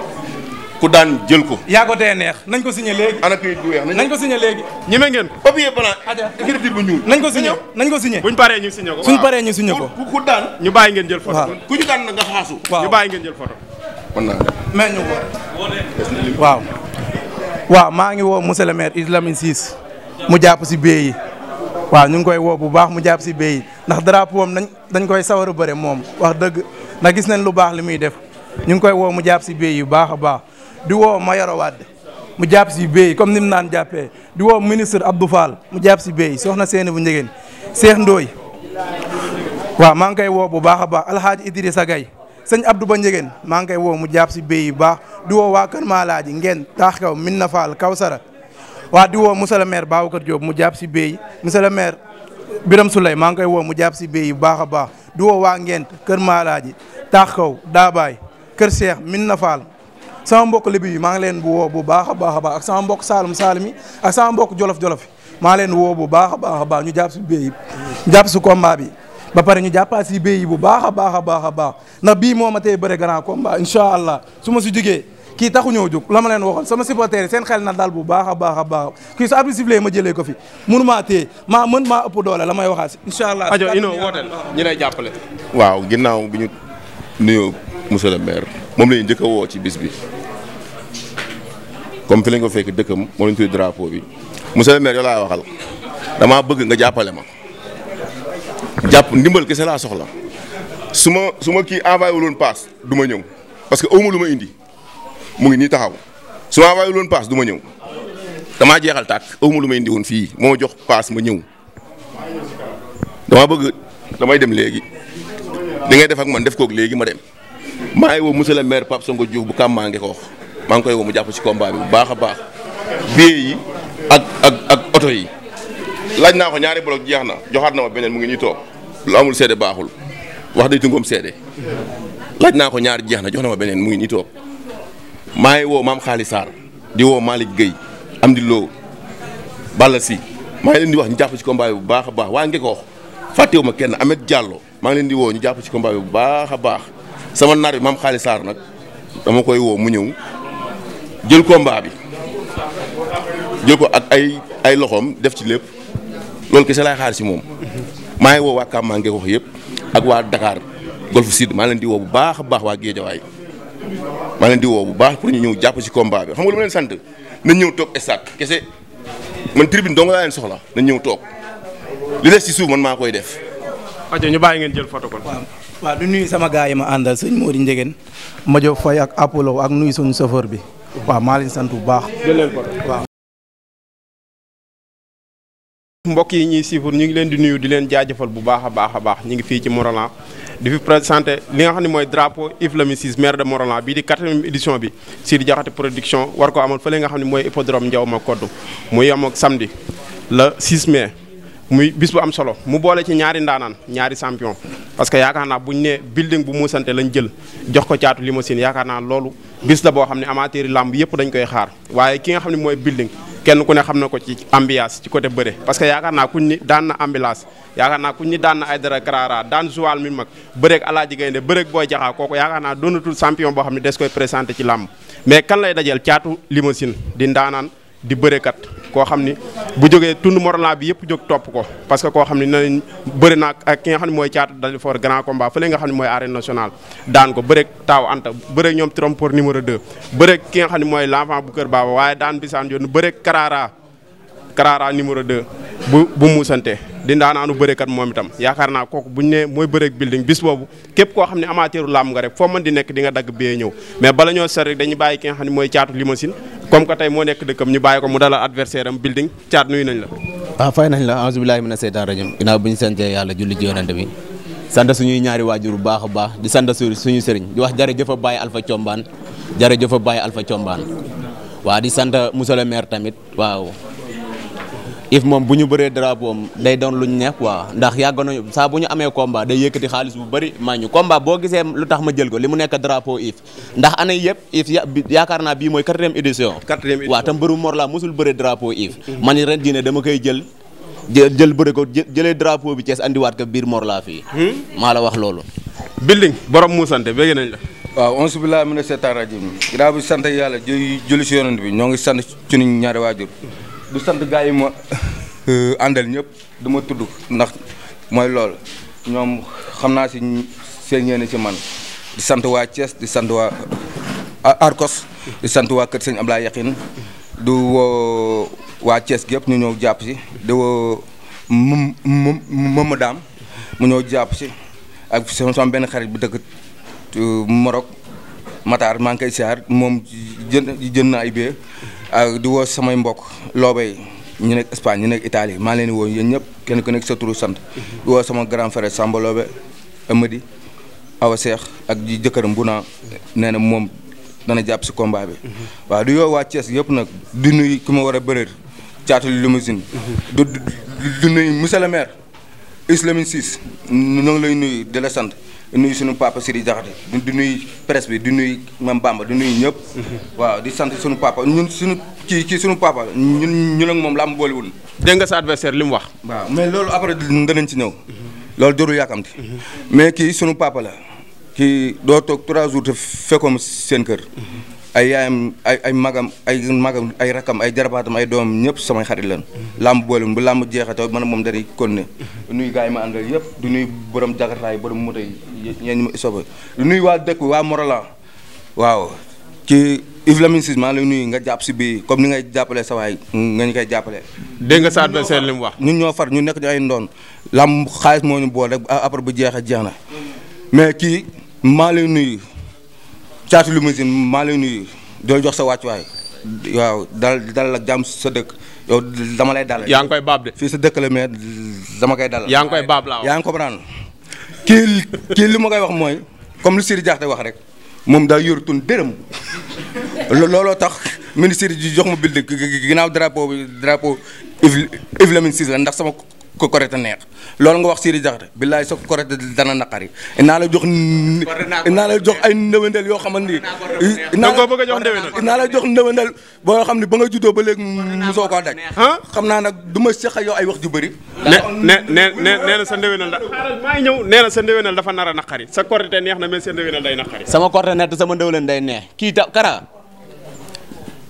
ku daan jël ko. yaa ko tee neex nañ ko si léegi. ana këyit bu weex nañ ko signé léegi. ñeme ngeen ko. papier blanc. bu ñuul. nañ ko signé nañ ko signé. buñ paree ñu si ko suñ paree ñu signé ko. ku daan. ñu bàyyi ngeen jël photo. waaw ku ñu daan nga xaasu. waaw ñu bàyyi ngeen jël photo. mën naa ko. waaw. waaw maa ngi woo monsieur le maire Idi Lamine mu jàpp si bee waaw ñu ngi koy woo bu baax mu jàpp si bee ndax drapeau am dañ dañ koy sawar a bëre moom wax dëgg ndax gis nañ lu baax li muy def ñu ngi koy woo mu jàpp si bee yu baax a baax di woo Mayoro Wade mu jàpp si béy comme ni mu naan jàppee di woo ministre Abdou Fall mu jàpp si béy soxna seeni bu njegéen Cheikh ndooy waaw maa ngi koy woo bu baax a baax Alhaji Idrissa Gaye sëñ Abdou Ba njegéen maa ngi koy woo mu jàpp si béy bu baax di woo waa Kër Maalaaji ngeen taax kaw min na Kawsara waa di woo monsieur le maire Babacar Diop mu jàpp si béy monsieur le Biram Souley maa ngi koy woo mu jàpp si béy bu baax a baax di woo waa Ngent Kër Maalaaji taax kaw Daabaay Kër Cheikh min na sama mbokk lébu yi maa ngi leen bu woo bu baax a baax a baax ak sama mbokk saalum saalum yi ak sama mbokk jolof jolof yi maa leen woo bu baax a baax a baax ñu jàpp si béy yi jàpp si combat bi ba pare ñu jàppaa si béy bu baax a baax a baax a baax ndax bii moom ma tey bëre grand combat incha allah su ma si jigee kii taxu ñëw jóg la ma leen waxoon sama supporter seen xel na daal bu baax a baax a baax kii su arbitre sifflé ma jëlee ko fi mënu maa téye maa mën maa ëpp doole la may waxaa si incha allah ajo ino wooteel ñu lay jàppale waaw ginnaaw bi ñu nuyoo monsieur le maire moom la ñu woo ci bis bi comme fi lañ ko fekk dëkkam moo lañ tudd drapeau bi monsieur le maire yow laa waxal damaa bëgg nga jàppale ma jàpp ndimbal kese laa soxla su ma su ma kii envoyé wuloon paas du ma ñëw parce que awma lu ma indi mu ngi nii taxaw su ma envoyé loon paas du ma ñëw damaa jeexal tàkk awma lu ma indi woon fii moo jox paas ma ñëw dama bëgg damay dem léegi li nga def ma man def koog léegi ma dem. maa ngi woo monsieur le maire Pape Songo Diouf bu Kàmmaange ko wax maa ngi koy woo mu jàpp ci combat bu baax a baax billet yi ak ak ak oto yi laaj naa ko ñaari bloc jeex na joxaat na ma beneen mu ngi ñuy toog lu amul seede baaxul wax day tungoom laaj naa ko ñaari jeex na jox beneen mu ngi ñuy maa ngi woo maam Xaali Sarr di woo Malick Gueye am di loo Balla Si maa ngi leen di wax ñu jàpp ci combat bu baax a baax waa Ngekoox fàttewuma kenn amet jàlloo maa ngi leen di woo ñu jàpp ci combat bi bu baax a baax. sama nar bi maam xaali Sarr nag dama koy woo mu ñëw jël combat bi jël ko ak ay ay loxoom def ci lépp loolu kese laay xaar si moom maa ngi woo waa Kàmmaa ngi wax yëpp ak waa dakaar Golf Sud maa leen di woo bu baax a baax waa Géejawaay maa leen di woo bu baax pour ñu ñëw jàpp si kombaa bi xam nga lu ma leen sant na ñëw toog stade kese man tribune dong laa leen soxla nañ ñëw toog li des si suuf man maa koy def. rajo ñu bàyyi ngeen jël photo kon. waaw du nuyu sama gars yi ma àndal sëñ Mody Ndiéguène Madio Faye ak Apollo ak nuyu suñu chauffeur bi waaw maa leen sant bu baax waaw mbokk yi ñuy siifur ñu ngi leen di nuyu di leen jaajëfal bu baax a baax a baax ñu ngi fii ci Morolan di fi présenté li nga xam ne mooy drapeau Yves Lamine Ciss maire de Morolan bii di quatrième édition bi Sidi Diakhaté production war ko amal fële nga xam ne mooy hippodrome Ndiaw ma Koddu mu yem ak samedi le 6 mai muy bis bu am solo mu boole ci ñaari ndaanaan ñaari champion parce que yaakaar naa buñ ne building bu muusante lañ jël jox ko caatu limousine yaakaar naa loolu bis la boo xam ne amateur làmb yëpp dañ koy xaar waaye ki nga xam ne mooy building kenn ku ne xam na ko ci ambiance ci côté bëre parce que yaakaar naa kuñ ni daan na ambiance yaakaar naa kuñ ni daan na ay dara karara daan joal mi mag bëreeg alaaji gaynde bëreeg booy jaxaa kooku yaakaar naa doonatul champion boo xam ne des koy présenté ci làmb mais kan lay dajeel caatu limousine di ndaanaan di bërekat koo xam ni bu jógee tund Morolan bi yëpp jóg topp ko parce que koo xam ne nañ bëri naa ak ki nga xam ne mooy caatu dali fort grand combat fële nga xam ne mooy arène nationale daan ko bëreeg taaw anta bëreeg ñoom trompeur numéro 2 bëreeg ki nga xam ne mooy l'enfant bu kër baaba waaye daan bisaan yoon bëreeg Karara Karara numéro 2 bu bu muusante na ndaanaanu bëreekat moom itam yaakaar naa kooku buñ ne mooy bëreek building bis boobu képp koo xam ne amateeru làmb nga rek foo mën di nekk di dagg bee ñëw mais bala ñoo sori dañu bàyyi ne mooy caatu limousine comme que tey moo nekk dëkkam ñu bàyyi ko mu dalal adversaire am building caat nuyu nañ la waaw ah, fay nañ la aousubilahi mina seytaan rajim ginnaaw bu ñu santee yàlla julli ci yonante bi sant suñuy ñaari waajur bu baax a baax di sant suñu sëriñ di wax jërëjëf a bàyyi alpha combaan jërëjëf a bàyyi alpha combaan waaw di sant monsieur maire tamit waaw if moom bu ñu bëree drapeau am day doon lu ñu neex quoi ndax yàgg nañu saa bu ñu amee combat day yëkkati xaalis bu bari maa ñu combat boo gisee lu tax ma jël ko li mu nekk drapeau if ndax année yëpp if yaakaar naa bii mooy quatrième édition quatrième édition waaw tam mbëru Mor la mosul bëree drapeau if man ren jii ne dama koy jël jël bëri ko jëlee drapeau bi Thiès andiwaat ko biir Mor la fii hmm? maa la wax loolu building borom muusante bégg nañ la waaw onsu billahi mina seetaan rajim ginnaaw bi sant yàlla jëy julli si yonent bi ñoo ngi sant ci ñaari waajur du sant gaay yi ma andal euh, ñëpp duma ma tudd ndax mooy lool ñoom xam naa si seen yéene ci man di sant waa Thiès di sant waa Arcos di sant waa Kër Seigne Ablaye Yaqin du woo waa Thiès gi yëpp ñu ñëw jàpp si di woo mëm mëm mu ñëw jàpp si ak sama benn xarit bi dëkk euh, Morok Matar maa ngi koy siyaar moom jën jën na ay bee Ah, di woo samay mbokk loobe yi ñu nekk Espagne ñu nekk Italie maa leen di woo yéen ñëpp kenn ku nekk sa turu sant. di woo sama grand frère Samba Loobe Amady Awa ak ji jëkkëram bu naa nee na moom dana jàpp si combat bi. waaw di yoo waa Thiès yëpp nag di nuy ku ma war a bërër caatu limousine. du du du nuyu monsieur le maire Islamine Ciss lay nuy di la sant. di nuyu suñu papa Siri Diakhaté di nuyu presse bi di nuyu Mame Bamba di nuyu ñëpp. Mhm. waaw di sant suñu papa ñun suñu ci ci suñu papa ñun ñun ak moom la am boolewul. dégg nga sa adversaire li mu wax. waaw mais loolu après danañ ci ñëw. Mhm. loolu jarul yàkkamti. Mhm. mais kii suñu papa la. kii doo toog trois jours te fekkoom seen kër. ay yaayam ay ay magam ay magam ay rakam ay jarabaatam ay doomam ñëpp samay xarit lan làmb boole bu làmb jeexee taw man moom dari kon ne du nuy gars yi ma àndal yëpp du nuy borom jakartaay borom moto yi ñeen ñi ma soba du nuy waa dëkk waa Morolan waaw kii Yves Lamine Cissé maa ngi lay nuyu nga jàpp si bii comme ni ngay jàppalee sa waay nga ñu koy jàppalee dégg nga sa adversaire li mu wax ñun ñoo far ñu nekk ñu ay ndoon làmb xaalis moo ñu boole rek après bu jeexee jeex na mhm. mais kii maa caatu Limousine maa lay nuyu dool jox sa wàccuwaay waaw dal dal ak jàmm sa dëkk yow dama lay dal. yaa ngi koy baab de. fii sa dëkk la mais dama koy dal. yaa ngi koy baab laa yaa ngi comprendre kii kii li ma koy wax mooy comme lu Siri Diakhaté wax rek moom daa yorutoon dërëm looloo tax ministre yi jox ma bild ginnaaw drapeau bi drapeau Yves Lamine Cissé la ndax sama. ko korite neex loolu nga wax Siri Diakhaté billaay sa korite dana naqari i la jox naa la jox ay ndewendeel yoo xamante ni naa ko bëgg a jox ndëwëndel naa la jox ndëwëndel boo xam ne ba nga juddoo ba léegi mosoo koo daj xam naa nag du ma seq yow ay wax ju bëri ne ne ne ne sa ndëwëndel da ñëw nee sa ndëwëndel dafa nar naqari sa korite neex na mais sa ndëwëndel day naqari sama korite neex te day neex kii ta kara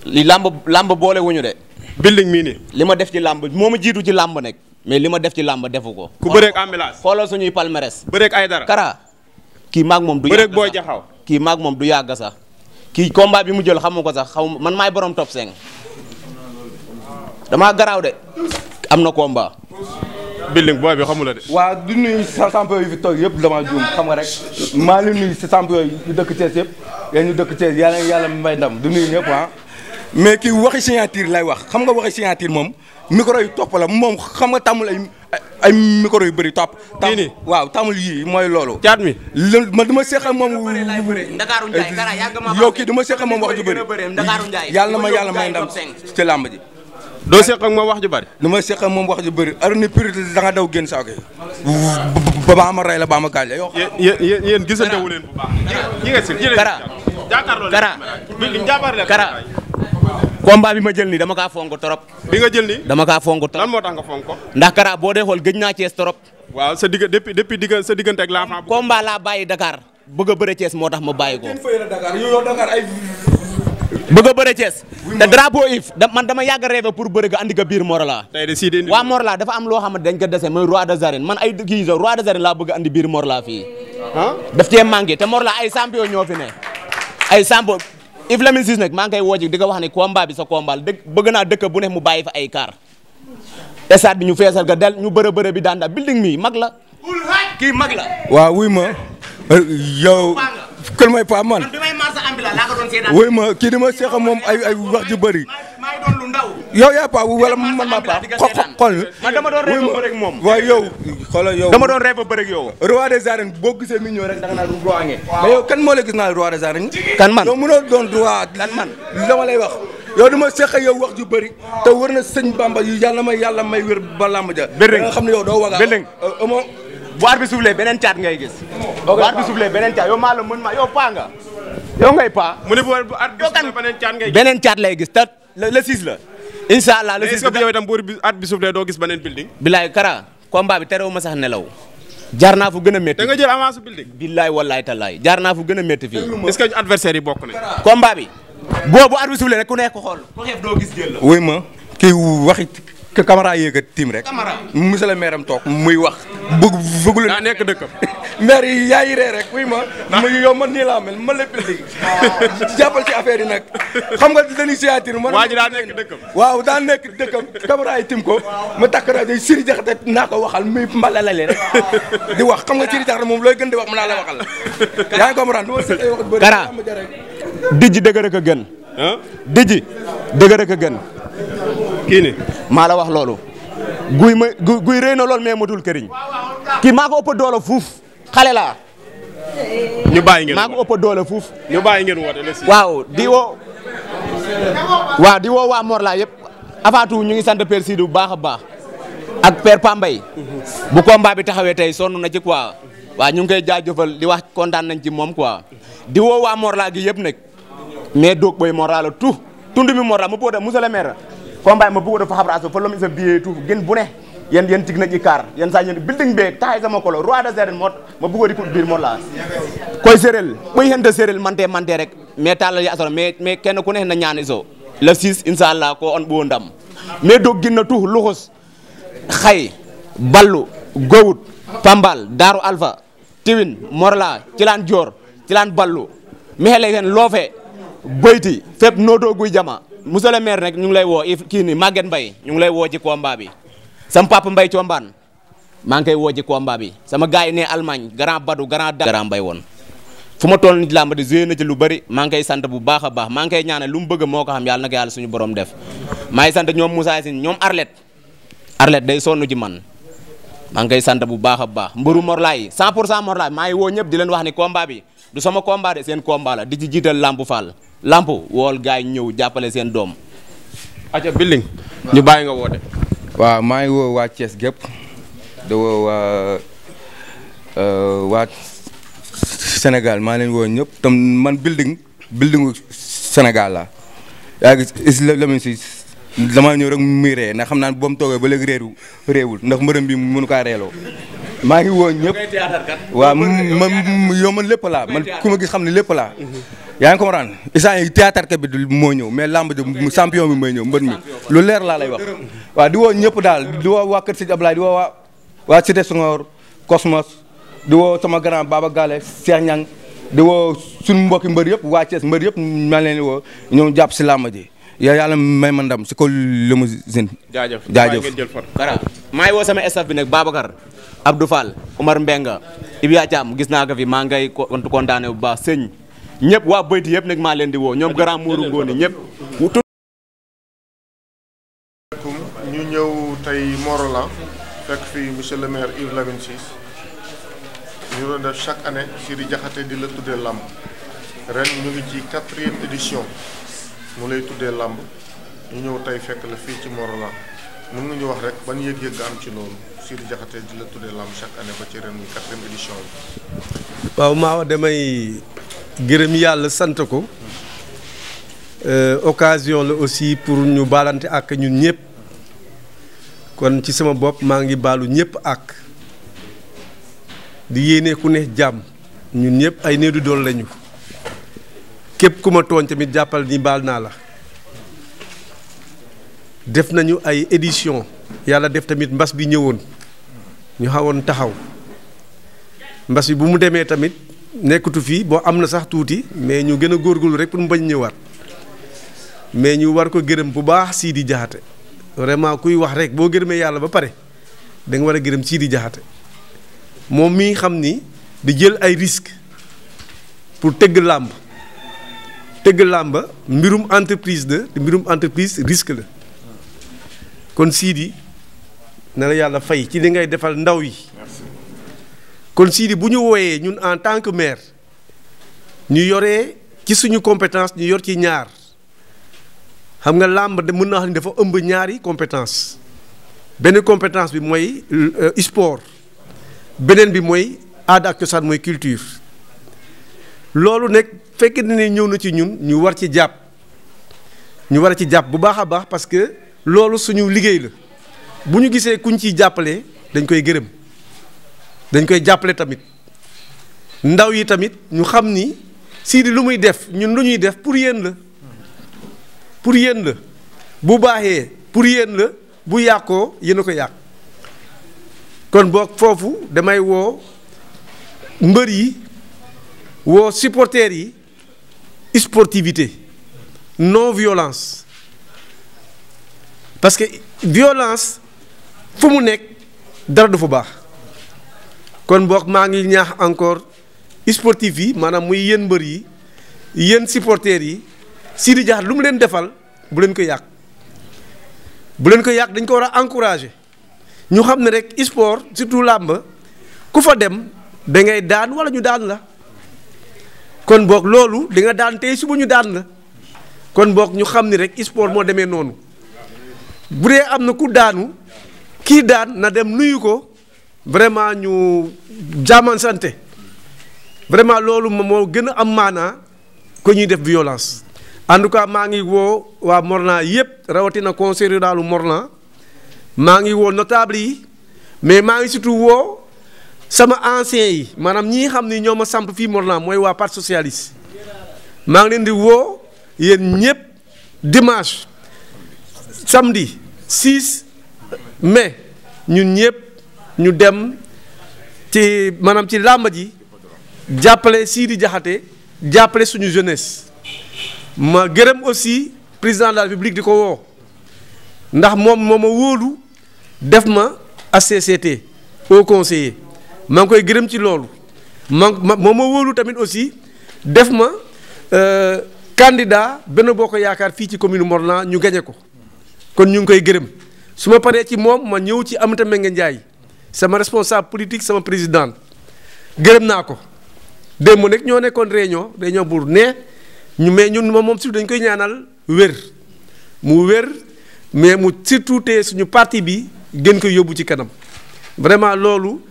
làmb làmb boole wuñu de building mii nii li ma def ci làmb moom ma jiitu ci làmb nekk mais li ma def ci làmba defu ko. ku bëreeg ambulance xoolal suñuy palmarès. bëreeg ay dara Kara. kii maak moom du yàgg sax bëreeg booy kii maag moom du yàgg sax. kii combat bi mu jël xamu ko sax xaw man maay borom top 5 damaa garaaw de am na combat. building booy bi xamula de. waa du nuyu sa champion yi fi toog yëpp dama juum xam nga rek maa ngi nuyu sa champion dëkk Thiès yëpp yéen ñu dëkk Thiès yàlla yàlla may ndam du nuyu ñëpp ah. mais kii waxi signature lay wax xam nga waxi signature moom. micro yu topp la moom xam nga tàmmul ay ay micro yu bëri topp. nii waaw tàmmul yii mooy loolu. caat mi loolu man dama seex moom. Ndakaaru Ndiaye euh, dara yàgg ma yow kii dama seex ak moom wax ju yàlla na ma yàlla may ndam ci làmb ji. doo seex ak moom wax ji bëri. dama seex ak moom wax ju bëri ar ni purité da daw génn saako yi. ba ba ama rey la ba ama gaañ la yow. yéen yéen yéen gisante wu leen bu combat bi ma jël nii dama kaa fonk trop. bi nga jël nii dama kaa fonk trop lan nga fonk ndax Kara boo dee xool gëj naa Thiès trop. waaw sa digg depuis depuis digg sa diggante ak l'enfant. combat laa bàyyi Dakar bëgg a bëre Thiès moo tax ma bàyyi ko. bëgg a bëre Thiès te drapeau if man dama yàgg a rêvé pour bëre ga andi ko biir Morla. tey de Sidi waa Morla dafa am loo xamante dañ ko dese mooy roi des arènes man ay kii so roi des arènes laa bëgg a andi biir Morla fii. daf cee manqué te Morla ay champion ñoo fi ne ay champion Yves Lamine Cissé nag maa ngi koy woo di ko wax ne combat bi sa combat la dëgg bëgg naa dëkk bu ne mu bàyyi fa ay car stade bi ñu feesal ga del ñu bërë bërë bi daan daal building mi mag la kii mag waaw wuy ma euh, yow. kër mooy Paa man. wóy ma kii di ma seexa moom ay ay wax ju bëri. yow yaa paa wala man maa paa xool xool. man dama doon rêve ba bëri ak moom waaye yow. xoolal yow dama doon rêve ba bëri ak yow. roi des arènes boo gisee mi ñëw rek da nga naan roi ngeen. mais yow kan moo la gis naa roi des arènes. kan man yow mënoo doon roi kan man dama lay wax. yow dama seq yow wax ju bëri te wër na sëñ Bamba yu yàlla may yàlla may wér ba làmb ja. nga xam ne yow doo waga bu euh, aar bi suuflee beneen caat ngay gis. bu aar bi suuflee beneen caat yow maa la mën maa yow paa nga yow ngay paa. mu ne bu bi beneen caat lay gis te le 6 la. incha allah le 6 est bi suuf lee doo gis beneen building. bilaay kara combat bi terewu ma nelaw. jaar naa fu gën a métti da nga tallaay jaar naa fu gën a métti fii. est-ce que at bi suuf lee ku nekk ko xool. ko xeeb doo gis jël wuy ma kii waxit que Camara yéegat tiim rek. Camara monsieur le maire toog muy wax. bëgg bëggu la nekk dëkkam. maire yi yaa yi rek oui ma. ma yow man nii ma lépp léegi. jàppal ci affaire yi nag. xam nga dañuy signature. waa ji daa nekk dëkkam waaw tim ko. ma takk rajo Siri Jaxate naa ko waxal muy mbala la di wax xam nga Siri Jaxate moom looy gën di wax mën naa la waxal. yaa ngi comprendre wax Kara dijji dëgg rek a gën. dijji dëgg rek a gën. kii ni maa la wax loolu guy ma guy rëy na loolu mais matul këriñ kii maa ko ëpp doole fuuf xale laa ñu bàyyi ngeen maa ko ëpp doole fuuf ñu bàyyi ngeen woote waaw di woo waaw di woo waa Mor laa yëpp avant tout ñu ngi sant Père bu baax a baax ak Père Pambay mhm. bu combat bi taxawee tey sonn na ci quoi waaw ñu ngi koy jaajëfal di wax kontaan nañ ci moom quoi di woo waa Mor laa gi yëpp nag mais doog booy Mor laa la tout tund mi Mor laa mu pooda monsieur le maire combat ma bëggoon dafa xabra so fa lomi sa billet tout gën bu ne yéen yéen tig nañu kaar yéen saa yéen building bee kolo roi de serel moo ma bëggoon di ko biir moo la koy séréel ɓoy xenta mante mante rek mais talal ya soro mais mais kenn ku ne na ñaan iso le 6 inshallah ko on ɓoo ndam mais doog ginna tout luxus xay ballu gowut pambal daaru alpha tiwin morla cilaan joor cilaan ballu mexele fen loofe boyti fep nodo guy jama monsieur la maire nag ñu ngi lay woo kii ni Maguette Mbaye ñu ngi lay woo ci combat bi sama papa Mbaye Combaan maa ngi koy woo ci combat bi sama gars yi ne Allemagne grand Badou grand da grand woon fu ma toll nit làmb di joué na ci lu bari maa ngi koy sant bu baax a baax maa ngi koy ñaanal lu mu bëgg moo ko xam yàlla na ko yàlla suñu borom def maa ngi sant ñoom Moussa Sine ñoom Arlette Arlette day sonn ji man maa ngi koy sant bu baax a baax mbëru Morlaay 100 pour cent Morlaay maa ngi woo ñëpp di leen wax ni combat bi du sama combat de seen combat la di ci jiital Lamp Fall Lamp wool gars ñëw jàppale seen doom. aca Billing ñu bàyyi nga woote. waaw maa ngi woo waa Thiès gépp da woo waa euh, waa maa leen woo ñëpp tam man Billing Billingu Sénégal la yaa gis is la lamin si damaa ñëw rek muy ree ndax xam naa ba mu toogee ba léegi réeru ndax mbërëm bi mënu kaa reeloo maa ngi woo ñëpp waaw man yow man lépp laa man ku ma gis xam ne lépp laa mm-hmm. yaa ngi comprendre instant yi théâtre kat bi moo ñëw mais lamb ji mu champion bi mooy ñëw mbër mi lu leer laa lay wax waa di woo ñëpp daal di woo waa kër Sidi Ablaye di woo waa waa Cité Senghor Cosmos di woo sama grand Baba Gale Cheikh Niang di woo suñu mbokki mbar yëpp waa Thiès mbar yëpp maa leen di woo ñoom jàpp si lamb ji yaa yàlla may ma ndam si kaw limousine. jaajëf jaajëf ngeen jël ngi woo sama staff bi nag Babacar Abdou Fall Omar Mbenga Ibia Thiam gis naa ko fi maa ngay kontaane bu baax sëñ ñëpp waa Boyti yëpp nag maa leen di woo ñoom grand Mourou Ngoni ñëpp. asalaamaaleykum ñu ñëw tey Morolan fekk fii monsieur le maire Yves Lamine ñu doon def chaque année Siri Diakhaté di la tuddee làmb ren ñu ngi ci quatrième édition. mu lay tuddee làmb ñu ñëw tey fekk la fii ci Morolan mën nga ñu wax rek ban yëg-yëg nga am ci loolu Sidi Diakhaté di la tuddee làmb chaque année ba ci ren muy quatrième édition bi. waaw maa wax damay gërëm yàlla sant ko euh, occasion la aussi pour ñu balante ak ñun ñëpp kon ci sama bopp maa ngi baalu ñëpp ak di yéene ku ne jàmm ñun ñëpp ay néew du dool lañu. képp ku tooñ tamit jàppal ni baal naa la def nañu ay édition yàlla def tamit mbas bi ñëwoon ñu xawoon taxaw mbas bi bu mu demee tamit nekkatu fii boo am na sax tuuti mais ñu gën a góor góorgóorlu rek pour mu bañ ñëwaat mais ñu war ko gërëm bu baax sii di Diakhaté vraiment kuy wax rek boo gërëmee yàlla ba pare da war a gërëm sii di Diakhaté moom mii xam ni di jël ay risques pour tëgg làmb tëgg lamba mbirum entreprise de mbirum entreprise risque la kon Sidi na la yalla fay ci li ngay defal ndaw yi kon Sidi buñu woyé ñun en tant que maire ñu yoré ci suñu compétence ñu yor ci ñaar xam nga lamb de mëna naa dafa ëmb ñaari compétence benn compétence bi moy euh, sport benen bi moy aada ak culture loolu nag fekk na ne ñëw na ci ñun ñu war ci jàpp ñu war a ci jàpp bu baax a baax parce que loolu suñu liggéey la bu ñu gisee kuñ ciy jàppale dañ koy gërëm dañ koy jàppale tamit ndaw yi tamit ñu xam ni Sidy lu muy def ñun lu ñuy def pour yéen la pour yéen la bu baaxee pour yéen la bu yàqoo yéen a ko yàq kon boog foofu damay woo mbër yi wo supporters yi sportivité non violence parce que violence fu mu nekk dara du fa bax kon bok ma ngi ñaax encore sportif yi manam muy yéen mbeur yi yéen supporters yi Sidi Diakhaté lu mu leen defal bu leen ko yak bu leen ko yak dañ ko wara encourager ñu xamne rek sport surtout lamb ku fa dem da ngay daan wala ñu daan la. kon boog loolu di nga daan tey suba ñu daan la kon boog ñu xam ni rek sport moo demee noonu bu dee am na ku daanu kii daan na dem nuyu ko vraiment ñu jaaman santé vraiment loolu moo gën a am maanaa ko ñuy def violence en tout cas maa ngi woo waa Morlan yëpp rawatina conseil rural u Morlan maa ngi woo notable yi mais maa ngi surtout woo sama ancien yi maanaam ñi xamni ñoma samp fi Morlan moy wa parti socialiste ma ngi di dimanche samedi 6 mai ñun ñep ñu dem ci manam ci lamb ji jappelé Sidi jahaté jappelé suñu jeunesse ma aussi président de la République di wo ndax mom moma wolu def ma au conseiller mang koy gërëm ci loolu ma moo wolu tamit aussi def ma euh, candidat ben boko yaakar fi ci commune morna ñu gagné ko kon ñu koy gërëm suma paré ci mom ma ñëw ci amata mengé ndjay sama responsable politique sama président gërëm nako. ko nek ñoo nekkon réunion réunion bur né ñu mé ñun mom moom surtout dañ koy ñaanal wër mu wër mais mu surtout te suñu parti bi gën ko yóbbu ci kanam vraiment lolu.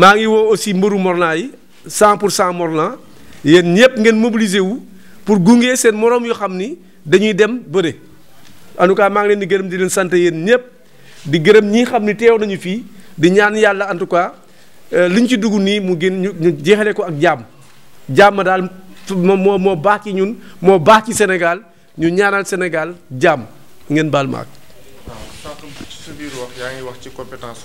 maa ngi aussi mbëru Morlan 100 pour Morlan yéen ñëpp ngeen mobiliser wu pour gunge seen morom yu ni dañuy dem en tout cas maa ngi leen di gërëm di leen sant yéen ñëpp di gërëm ñi xam ni nañu fii di ñaan en tout cas euh, liñ ci dugg nii mu ñu jeexale ko ak jàmm jàmm daal moo moo baax ci ñun ci Sénégal Sénégal compétence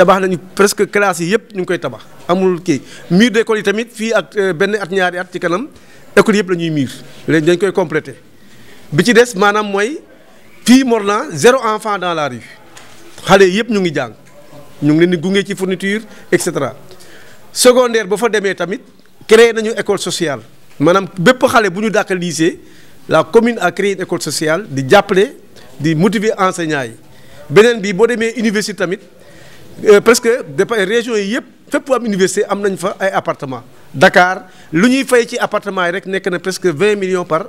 tabax nañu presque classes yépp ñu koy tabax amul kii mur d'école tamit fi ak euh, benn at ñaari at ci kanam école yépp lañuy ñuy miir dañ koy compléter bi ci dess manam moy fi Morlan zéro enfant dans la rue xalé yépp ñu ngi jang ñu ngi leen di gunge ci fourniture et cetera secondaire bu fa démé tamit créé nañu école sociale manam bép xalé bu ñu dàq lycée la commune a créé une école sociale di jàppale di motiver enseignants yi beneen bi bo démé université tamit. Euh, presque les régions région yi pour fépp am université am nañ fa ay appartement Dakar lu ñuy fay ci appartement yi rek nekk na presque 20 millions par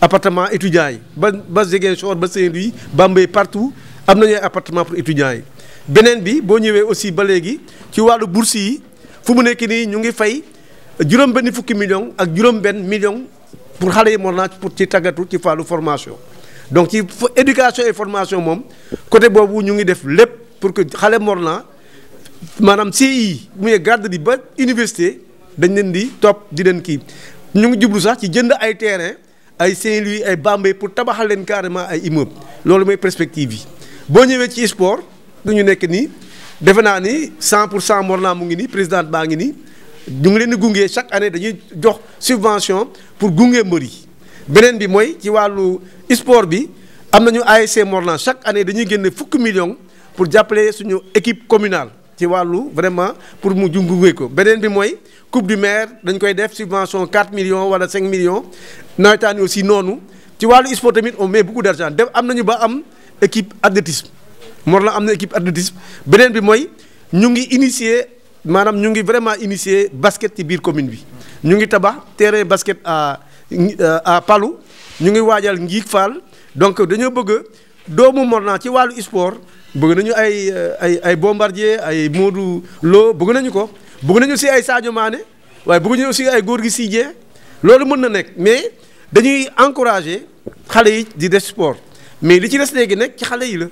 appartement étudiants yi ba ba Ziguinchor ba Saint-Louis Bambay, partout am nañu ay appartement pour étudiants yi beneen bi boo ñëwee aussi ba léegi ci wàllu bourse yi fu mu nekk nii ñu ngi fay juróom benn fukki million ak juróom million pour xale yi moo pour ci tàggatu ci fàllu formation donc ci éducation et formation moom côté boobu ñu ngi def lépp pour que xalé Morlan manam CI mu ne garde di ba université dañ leen di top di leen ki ñu ngi jublu sax ci jënd ay terrain ay Saint-Louis ay Bambey pour tabaxal leen carrément ay immeuble loolu moy perspective yi bo ñëwee ci sport duñu nekk ni defé na ni 100 morna mu ngi ni président ba ngi ni ñu ngi leen di gunge chaque année dañuy jox subvention pour gunge mbër benen bi moy ci walu sport bi amna ñu ASC Morlan chaque année dañuy génne fukki millions pour jàppale suñu équipe communale ci walu vraiment pour mu jungunge ko benen bi moy coupe du maire dañ koy def subvention 4 millions wala 5 millions nawetaan yi aussi noonu ci wàllu sport tamit on met beaucoup d'argent argent def am ba am équipe athlétisme Mor la am équipe athlétisme benen bi moy ñu ngi initier manam ñu ngi vraiment initier basket ci biir commune bi ñu ngi tabax terrain basket à à Palu ñu ngi waajal Ngiig Fall donc dañu bëgg. doomu Morna ci wàllu sport bëgg nañu ay euh, ay ay Bombardier ay Modou loo bëgg nañu ko bëgg nañu si ay Sadio maane waaye bëgg nañu aussi ay góor gi Sidiye loolu mën na nekk mais dañuy encourager xale yi di des sport mais li ci des léegi nekk ci xale yi la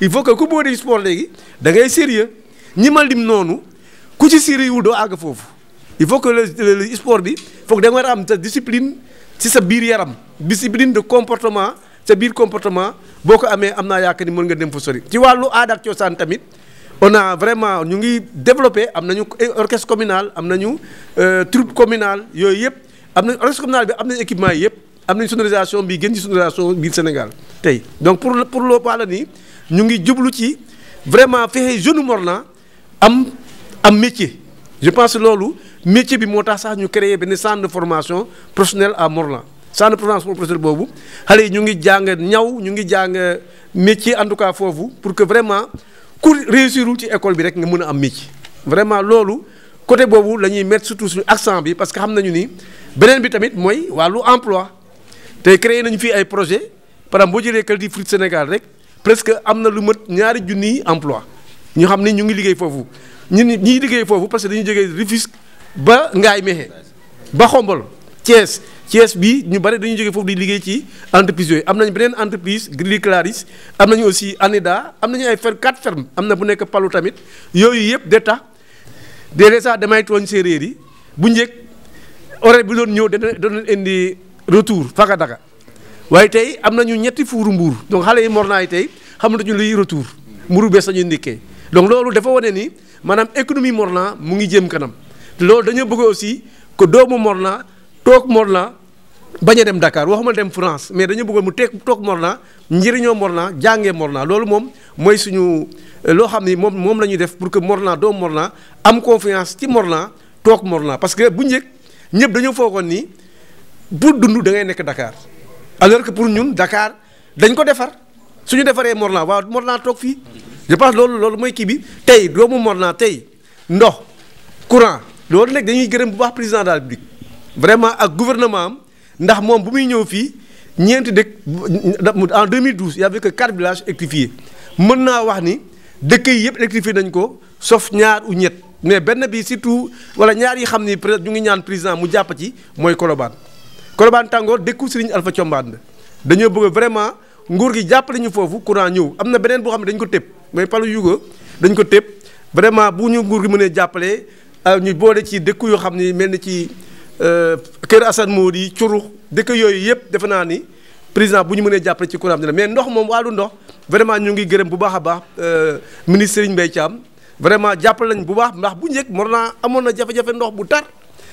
il faut que ku boo di sport léegi dangay ngay sérieux ñi ma lim noonu ku ci sérieux doo àgg foofu il faut que le sport bi foog da nga war a am sa discipline si sa biir yaram discipline de comportement bien le comportement boko amé amna am ni mën nga dem fa sori ci walu aada ak tamit on a vraiment ñu ngi développer, amna ñu orchestre communal am nañu euh, troupe communal, yooyu yëpp orchestre communal bi amna équipement yep amna sonorisation bi gën ci sonorisation bi Sénégal tay donc pour pour lo paala nii ñu ngi djublu ci vraiment fexé jeune Morlan am am métier je pense lolu métier bi motax sax ñu créer benn centre de formation professionnelle à Morlan centre de formation professeur boobu xale yi ñu ngi jàng ñaw ñu ngi jàng métier en tout cas foofu pour que vraiment ku réussirul ci école bi rek nga mën a am métier vraiment loolu côté boobu la ñuy mettre surtout suñu accent bi parce que xam nañu ni beneen bi tamit mooy wàllu emploi te créé nañu fii ay projet par exemple boo jëlee qualité fruit Sénégal rek presque am na lu mat ñaari junniy emploi ñu xam ni ñu ngi liggéey foofu ñun ñi liggéey foofu parce que dañuy jógee Rufisque ba Ngaay Mexe ba Xombol Thiès. ties bi ñu bari dañu jóge fofu di liggéey ci entreprise yooyu am nañ beneen entreprise Grilly Claris am nañu aussi Aneda am nañu ay fer quatre ferme am na bu nekk Palu tamit yooyu yépp de tax délé sax damay tooñ réer yi bu njëkk horaire bi doon ñëw dana doon indi retour faga daga waaye tey am nañu ñetti fuuru mbuur donc xale yi mornaa yi tey xamatuñu luy retour mburu bees lañuy ndikkee donc loolu dafa wane ni maanaam économie morna mu ngi jëm kanam te loolu dañoo bëgg aussi que doomu morna toog morna bañ a dem Dakar waxuma dem France mais dañu bëggoon mu teeg toog Morna njëriñoo Morna jàngee Morna loolu moom mooy suñu euh, loo xam ni moom moom la ñuy def pour que Morna doomu Morna am confiance ci Morna toog Morna parce que bu njëkk ñëpp dañoo foogoon nii pour dund da ngay nekk Dakar alors que pour ñun dakaar dañ ko defar suñu defaree Morna waaw Morna toog fii je pense loolu loolu mooy kii bi tey doomu Morna tey ndox courant loolu nag dañuy gërëm bu baax président de la République vraiment ak gouvernement am. ndax moom bu muy ñëw fii ñeenti dëkk en 2012 il y avait que 4 villages électrifiés mën naa wax ni dëkk yi yëpp électrifié nañ ko sof ñaar u ñett mais benn bi surtout wala ñaar yi xam ni peut-être ñu ngi ñaan président mu jàpp ci mooy Colobane Colobane tàngoor dëkku Serigne Alpha Thiombane la dañoo bëgg vraiment nguur gi jàppale ñu foofu courant ñëw am na beneen boo xam ne dañ ko tëb mooy palu yugo dañ ko tëb vraiment bu ñu nguur gi mënee jàppale euh, ñu boole ci dëkku yoo xam ni mel ni ci. Euh, Kër Assane Mour yi curux dëkk yooyu yëpp defe naa ni président bu ñu mënee jàppale ci courant dina mais ndox moom wàllu ndox vraiment ñu ngi gërëm bu baax a baax euh, ministre Serigne Mbaye Thiam vraiment jàppale nañ bu baax ndax bu njëkk mor naa amoon na jafe-jafe ndox bu tar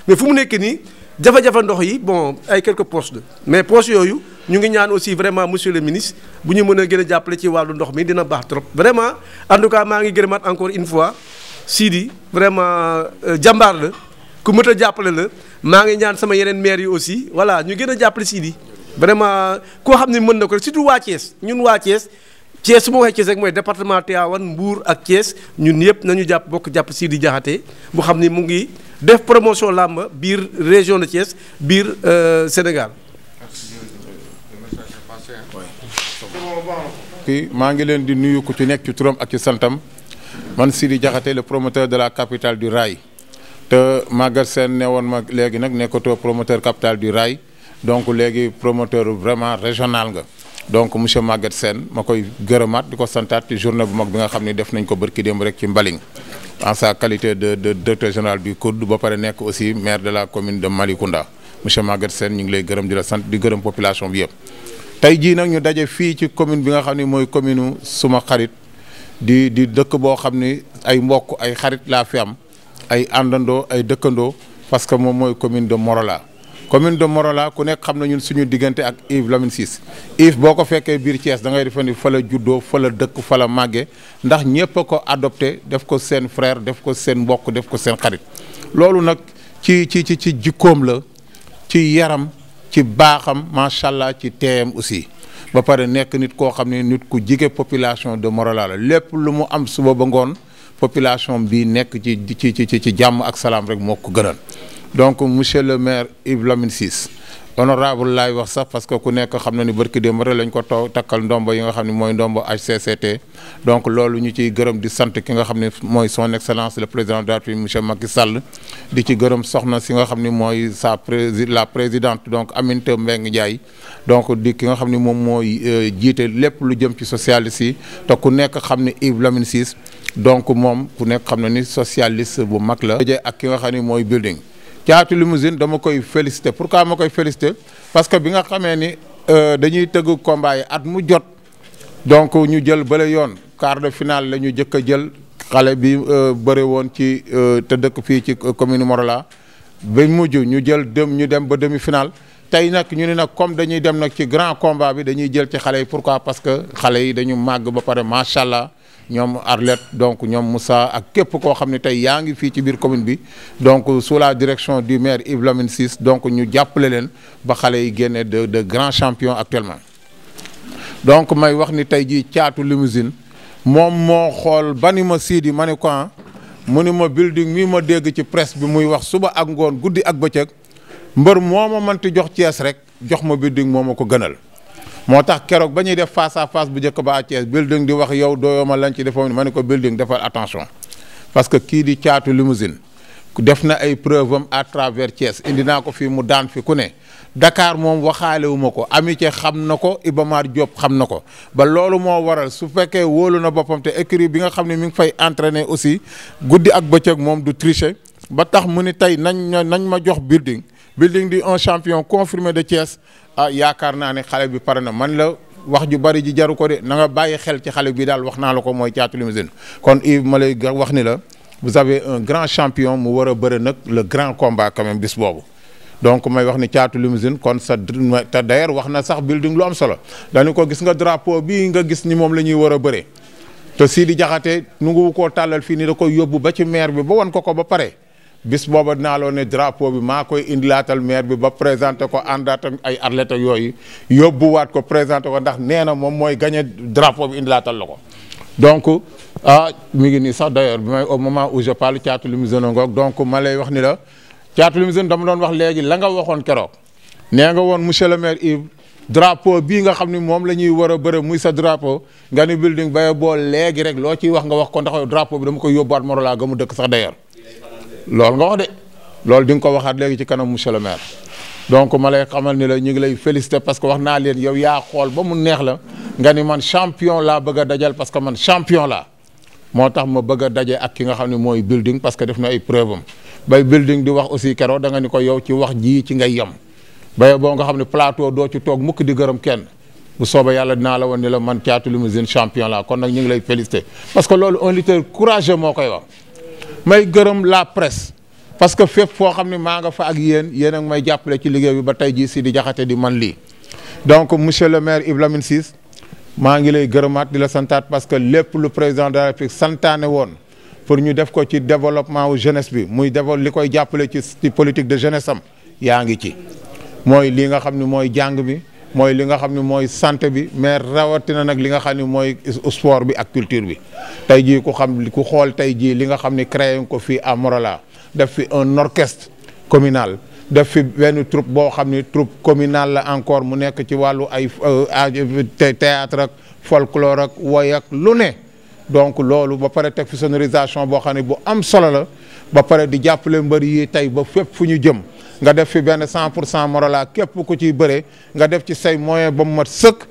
mais fu mu nekk nii jafe-jafe ndox yi bon ay quelques postes la mais postes yooyu ñu ngi ñaan aussi vraiment monsieur le ministre bu ñu mën a gën a jàppale ci wàllu ndox mi dina baax trop vraiment en tout cas maa ngi gërëmaat encore une fois Sidi vraiment euh, jàmbaar la ku mët a jàppale la maa ngi ñaan sama yeneen maire yi aussi voilà ñu gën a jàppale sii Sidi vraiment koo xam ne mën na ko surtout waa Thiès ñun waa Thiès Thiès su ma waxee Thiès rek mooy département wan mbuur ak Thiès ñun yëpp nañu jàpp bokk jàpp sii di Diakhaté mu xam ni mu ngi def promotion làmb biir région de Thiès biir euh, Sénégal. kii maa ngi leen di nuyu ku ci nekk ci turam ak ci santam man Sidi Diakhaté le promoteur de la capitale du rail. te Maguette seen ne woon ma léegi nag nekkatoo promoteur capital du rail donc léegi promoteur vraiment régional nga donc monsieur Maguette seen ma koy gërëmaat di ko santaat ci journée bu mag bi nga xam ni def nañ ko bërki démb rek ci Mbaling en sa qualité de de directeur général du COUD ba pare nekk aussi maire de la commune de Malicounda monsieur Maguette Sène ñu ngi lay gërëm di la sant di gërëm population bi yëpp. tey jii nag ñu daje fii ci commune bi nga xam ne mooy commune suma xarit di di dëkk boo xam ne ay mbokk ay xarit laa fi am. ay àndandoo ay dëkkandoo parce que moom mooy commune de Morola commune de Morola ku nekk xam na ñun suñu diggante ak Yves Lamine Ciss Yves boo ko fekkee biir Thiès da ngay defe ni fa la juddoo fa la dëkk fa la ndax ñëpp ko adopté def ko seen frère def ko seen mbokk def ko seen xarit loolu nag ci ci ci ci jikkoom la ci yaram ci baaxam macha allah ci teeyam aussi ba pare nekk nit koo xam ne nit ku jigee population de Morola la lépp lu mu am suba ba ngoon population bi nek ci ci ci ci jamm ak salam rek moko ko gënal donc monsieur le maire Yves Lamine Ciss honorable lay wax sax parce que ku nekk xam na ni barki démb rek lañ ko too takkal ndombo yi nga xam ne mooy ndombo HCCT donc loolu ñu ci gërëm di sant ki nga xam ne mooy son excellence le président de la République monsieur Macky Sall di ci gërëm soxna si nga xam ne mooy sa prési la présidente donc Aminata Mbengue Ndiaye donc di ki nga xam ne moom mooy euh, jiite lépp lu jëm ci socialiste yi te ku nekk xam ne Yves Lamine Ciss donc moom ku nekk xam na ni socialiste bu mag la. ak ki nga xam ne mooy building caatu limousine dama koy féliciter pourquoi ma koy félicité parce que bi nga xamé ni euh dañuy teug combat yi at mu jot donc ñu jël bële yoon quart de finale la ñu jëkk jël xalé bi euh, béré won ci euh, te dëkk fi ci euh, commune Morola ba mujj ñu jël dem ñu dem ba demi finale tay nak ñu ni nak comme dañuy dem nak ci grand combat bi dañuy jël ci xalé pourquoi parce que xalé yi dañu mag ba paré machallah ñom Arlette donc ñom Moussa ak képp ko xam tay yaangi fi ci biir commune bi donc sous la direction du maire Yves Lamine Ciss donc ñu jappalé leen ba xalé yi génné de de grand champion actuellement donc may wax ni tay ji caatu limousine mom mo xol ba ni ma siidi ma ni ko ah, mu building mi ma dégg ci presse bi muy wax suba ak ngone goudi ak bëccëg mbeur moma ma mënti jox Cees rek jox ma building moma ko gënal moo tax keroog ba ñuy def face à face bu njëkk ba à Thiès building di wax yow dooyoma lañ ci defoon ma ne ko building defal attention parce que kii di caatu limousine def na ay preuve à travers Thiès indi naa ko fii mu daan fi ku ne dakaar moom waxaale wu ma ko ci xam na ko Iba Mar Diop xam na ko ba loolu moo waral su fekkee woolu na boppam te écurie bi nga xam ne mi ngi fay entraîner aussi guddi ak bëccëg moom du tricher ba tax mu ni tey nañ nañ ma jox building building di un champion confirmé de Thiès ah yaakaar naa ne xale bi pare na man la wax ju bari ji jaru ko de na nga bàyyi xel ci xale bi daal wax naa la ko mooy caatu limousine kon Yves ma lay wax ni la bu avez un grand champion mu war a bëre nag le grand combat quand bis boobu donc may wax ni caatu limousine kon sa te d'ailleurs wax na sax building lu am solo dañu ko gis nga drapeau bii nga gis ni moom la ñuy war a bëree te Sidi Diakhaté nu ngu koo tàllal fii nii da koy yóbbu ba ci maire bi ba wan ko ko ba pare bis booba naa loon ne drapeau bi maa koy indilaatal maire bi ba présenté ko àndaat ak ay athlètes yooyu yóbbuwaat ko présenté ko ndax nee na moom mooy gagné drapeau bi indilaatal la ko. donc ah mi ngi nii sax d'ailleurs bi may au moment où je parle caatu lu mu donc ma lay wax ni la caatu lu mu dama doon wax léegi la nga waxoon keroog nee nga woon monsieur le maire Yves drapeau bii nga xam ni moom la ñuy war a bëre muy sa drapeau nga ni building baye boo léegi rek loo ciy wax nga wax ko ndax drapeau bi dama koy yóbbuwaat Morola ga mu dëkk sax d'ailleurs C'est nga wax de veux di ko ci kanam le maire donc je xamal ni la ngi parce que je naa yow ba mu neex la nga man champion laa bëgg a parce que man champion laa moo tax ma bëgg ak ki nga xam ne building parce que ay bay building di wax aussi da ni ko yow ci wax ci ngay nga plateau la ni la man champion parce que un may gërëm la presse parce que fépp foo xam ne maa nga fa ak yéen yéen ak may jàppale ci liggéey bi ba tey jii sii di jaxate di man lii donc monsieur le maire Ibrahima Lamine Ciss maa ngi lay gërëmaat di la santaat parce que lépp lu président de la santaane woon pour ñu def ko ci développement wu bi muy développe li koy jàppale ci ci politique de jeunesse am yaa ngi ci mooy lii nga xam ni mooy jàng bi mooy li nga xam ne mooy santé bi mais rawatina nag li nga xam ne mooy sport bi ak culture bi tey jii ku xam ku xool tey jii li nga xam ne créé ko fii à Morola def fi un orchestre communal def fi benn troupe boo xam ni troupe communal la encore mu nekk ci wàllu ay euh, théâtre ak folklore ak woy ak lu ne donc loolu ba pare teg fi sonorisation boo xam ne bu am solo la ba pare di jàppale mbër yi tey ba fépp fu ñu jëm nga def fi benn cent pour cent Morola képp ku ciy bëree nga def ci say moyen ba mu mat sëkk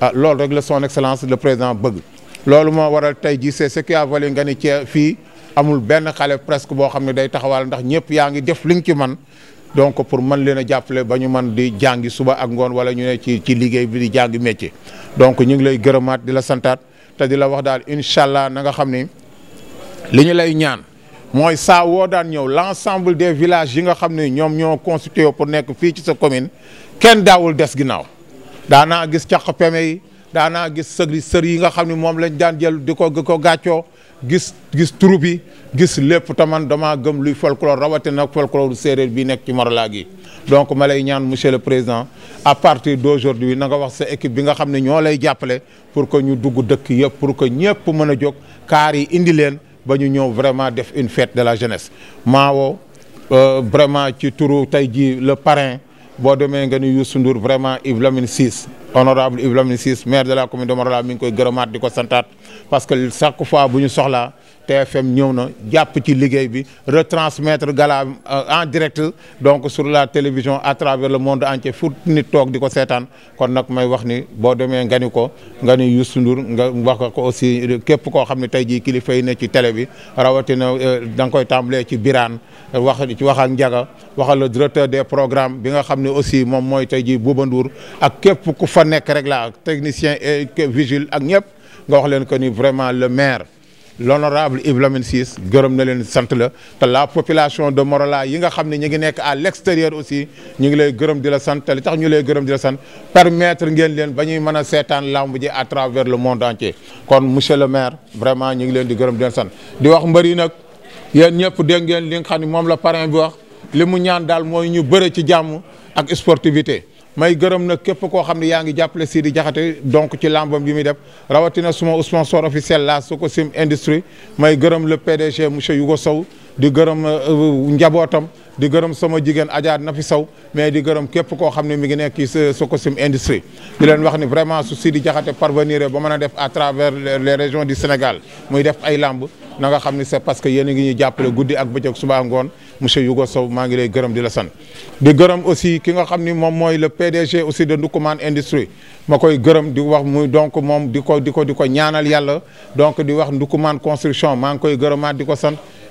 a ah, lool rek la son excellence le président bëgg loolu moo waral tey jii c'est ce qui nga ni cee fii amul benn xale presque boo xam ne day taxawal ndax ñëpp yaa ngi def li nga ci man donc pour mën leen a jàppale ba ñu man di jàngi suba ak ngoon wala ñu ne ci ci liggéey bi di jàngi métier donc ñu ngi lay gërëmaat di la santaat te di la wax daal incha allah na xam ni li ñu lay ñaan. mooy saa woo daan ñëw l'ensemble des villages yi nga xam ne ñoom ñoo constitué pour nekk fii ci sa commune kenn daawul des ginnaaw daanaa gis caq peme yi daanaa gis sëgri sër yi nga xam ne moom lañ daan di ko di ko gàccoo gis gis troupe yi gis lépp te man damaa gëm luy folklore rawatina folklore séeréer bi nekk ci Morolan gi donc ma lay ñaan monsieur le président à partir d'aujourd'hui na nga wax sa équipe bi nga xam ne ñoo lay jàppale pour que ñu dugg dëkk yëpp pour que ñëpp mën a jóg kaar yi indi leen ba ñu ñëw vraiment def une fête de la jeunesse maa euh, vraiment ci turu tey jii le parrain boo demee nga ni Youssou Ndour vraiment Yves Lamine Ciss honorable i Lamine Ciss maire de la commune de Morolan mi ngi koy gërëmaat di ko santaat parce que chaque fois bu ñu soxla TFM ñëw na jàpp ci liggéey bi retransmettre gala euh, en direct donc sur la télévision à travers le monde entier fu ni toog diko ko kon nak may wax ni bo demee nga ni ko Youssou Ndour nga wax ko aussi képp ko xam ne tey jii kilifa yi ne ci télé bi rawati na euh, dang koy tàmbalee ci Birane wax ci wax ak Ndiaga waxal le directeur des programmes bi nga xam aussi mom moy tey jii Bouba Ndour ak képp ku fa nekk rek la technicien et vigile ak ñep nga wax leen que ni vraiment le maire l'honorable Yves Lamine Ciss gërëm na leen sant la te la population de Morola yi nga xam ne ñu ngi nekk à l'extérieur aussi ñu ngi lay gërëm di la sant te li tax ñu lay gërëm di la sant permettre ngeen leen ba ñuy mën a seetaan lamb ji à travers le monde entier kon monsieur le maire vraiment ñu ngi leen di gërëm di leen sant di wax mbër yi nag yéen ñëpp dégg ngeen li nga xam ne moom la parrain bi wax li mu ñaan daal mooy ñu bëre ci jàmm ak sportivité may gërëm na képp koo xam ne yaa ngi jàppale Sidi Diakhaté donc ci làmbam bi muy def rawatina suma sponsor officiel la Sococim Industrie may gërëm le PDG monsieur Yougo Sow di gërëm euh, njabootam di gërëm sama jigéen Adja Nafi saw mais di gërëm képp ko xam ne mi ngi nek ci Sococim industrie di len wax ni vraiment su Sidi Diakhaté parvenir ba mën def à travers les régions du Sénégal muy def ay lamb na nga xamni ni c'est parce que yéen ngi ñuy jàppale guddi ak bëccëg suba ngoon monsieur yugo Sow maa ngi lay gërëm di la sant di gërëm aussi ki nga xamni mom moy le PDG aussi de Ndoukoumane Industrie makoy gërëm di wax muy donc mom di ko di ko ñaanal yalla donc di wax Ndoukoumane construction maa ngi koy gërëmaat di ko sant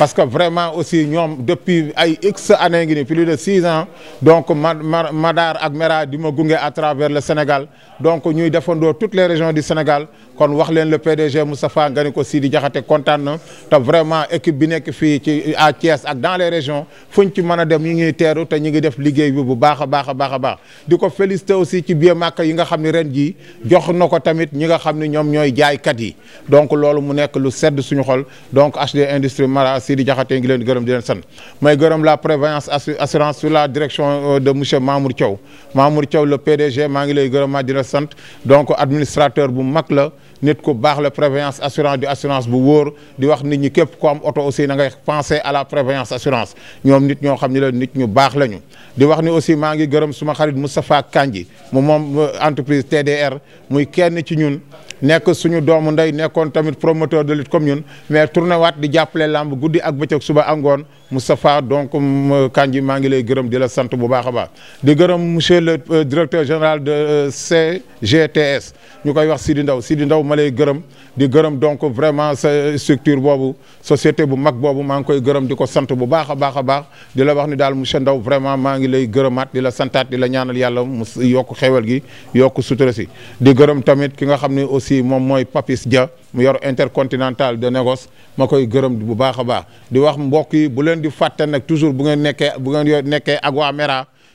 parce que vraiment aussi nous depuis x années plus de 6 ans donc Madar ak Mera di à travers le Sénégal donc nous défendons toutes les régions du Sénégal kon wax le PDG Moustapha nga aussi déjà Sidi Diakhaté kontaan na vraiment équipe bi nek fi ci à Thiès ak dans les régions fuñ ci mëna dem des ngi téru té ñi ngi def liguey bu baaxa baaxa baaxa baax diko féliciter félicité aussi ci biir màkk yi nga xamni ne qui jox na tamit ñi nga xamni ñom ñoy jaay kat yi donc lolu mu nek lu sedd suñu xol donc HD Industrie Mara Sidi Diakhaté ngi len di len may la prévoyance assurance sous la direction euh, de monsieur Mamour Thiaw Mamour Thiaw le PDG ma ngi lay gërëm ma di len sant donc administrateur bu mak la nit ko bax la prévoyance assurance du assurance bu wóor di wax nit ñi képp ko am auto aussi na ngay penser à la prévoyance assurance ñom nit ño xamni ne la nit ñu bax lañu di wax ni aussi ma ngi gërëm suma xarit Moustapha Kandji mu euh, entreprise TDR muy kenn ci ñun n'est suñu doomu ndey nekkon tamit promoteur de lutte comme ñun mais tourné waat di jàppale làmb ak bëccëg suba angone donc Kandji candidat ngi la sant bu baax monsieur le euh, directeur général de euh, CGTS nous wax Sidi Ndaw Sidi Ndaw di gërëm donc vraiment sa structure bobu société bu mag bobu maa ngi koy gërëm diko ko sant bu baax a baax a di la wax ni dal monsieur Ndao vraiment maa ngi lay gërëmaat di la santaat di la ñaanal yalla mu yok xewal gi yok sutura ci di gërëm tamit ki nga xamni aussi mom moy Papis Dia mu yor intercontinental de négoce ma koy gërëm bu baax a baax di wax mbokk yi bu len di faté nak toujours bu ngeen nekké bu ngeen nekké ak Mera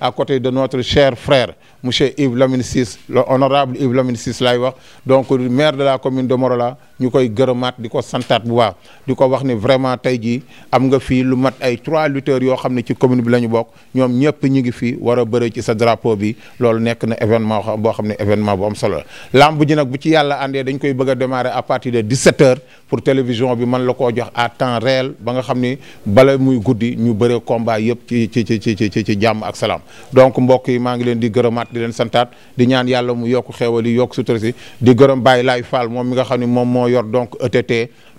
à côté de notre cher frère monsieur Yves Lamine 6 Yves Lamine Laiwa, donc maire de la commune de Morola nous grand diko santat bu baax diko wax ne vraiment tay ji am nga fi lu mat ay trois lutteurs yo ci commune bi la bok ñom ñepp ñi ngi fi a bëre ci sa drapeau bi loolu nek na événement un grand événement bu am solo la lamb bu ci démarrer à partir de 17 h pour télévision bi man la ko jox à temps réel ba nga muy goudi ñu bëre combat ci ci ci ci ci ak donc mbokk yi ma ngi di di leen santaat di ñaan yàlla mu yokk xeewal yi yokk sutura si di gërëm Baye Laye Fall moom mi nga xam ne moom moo yor donc ETT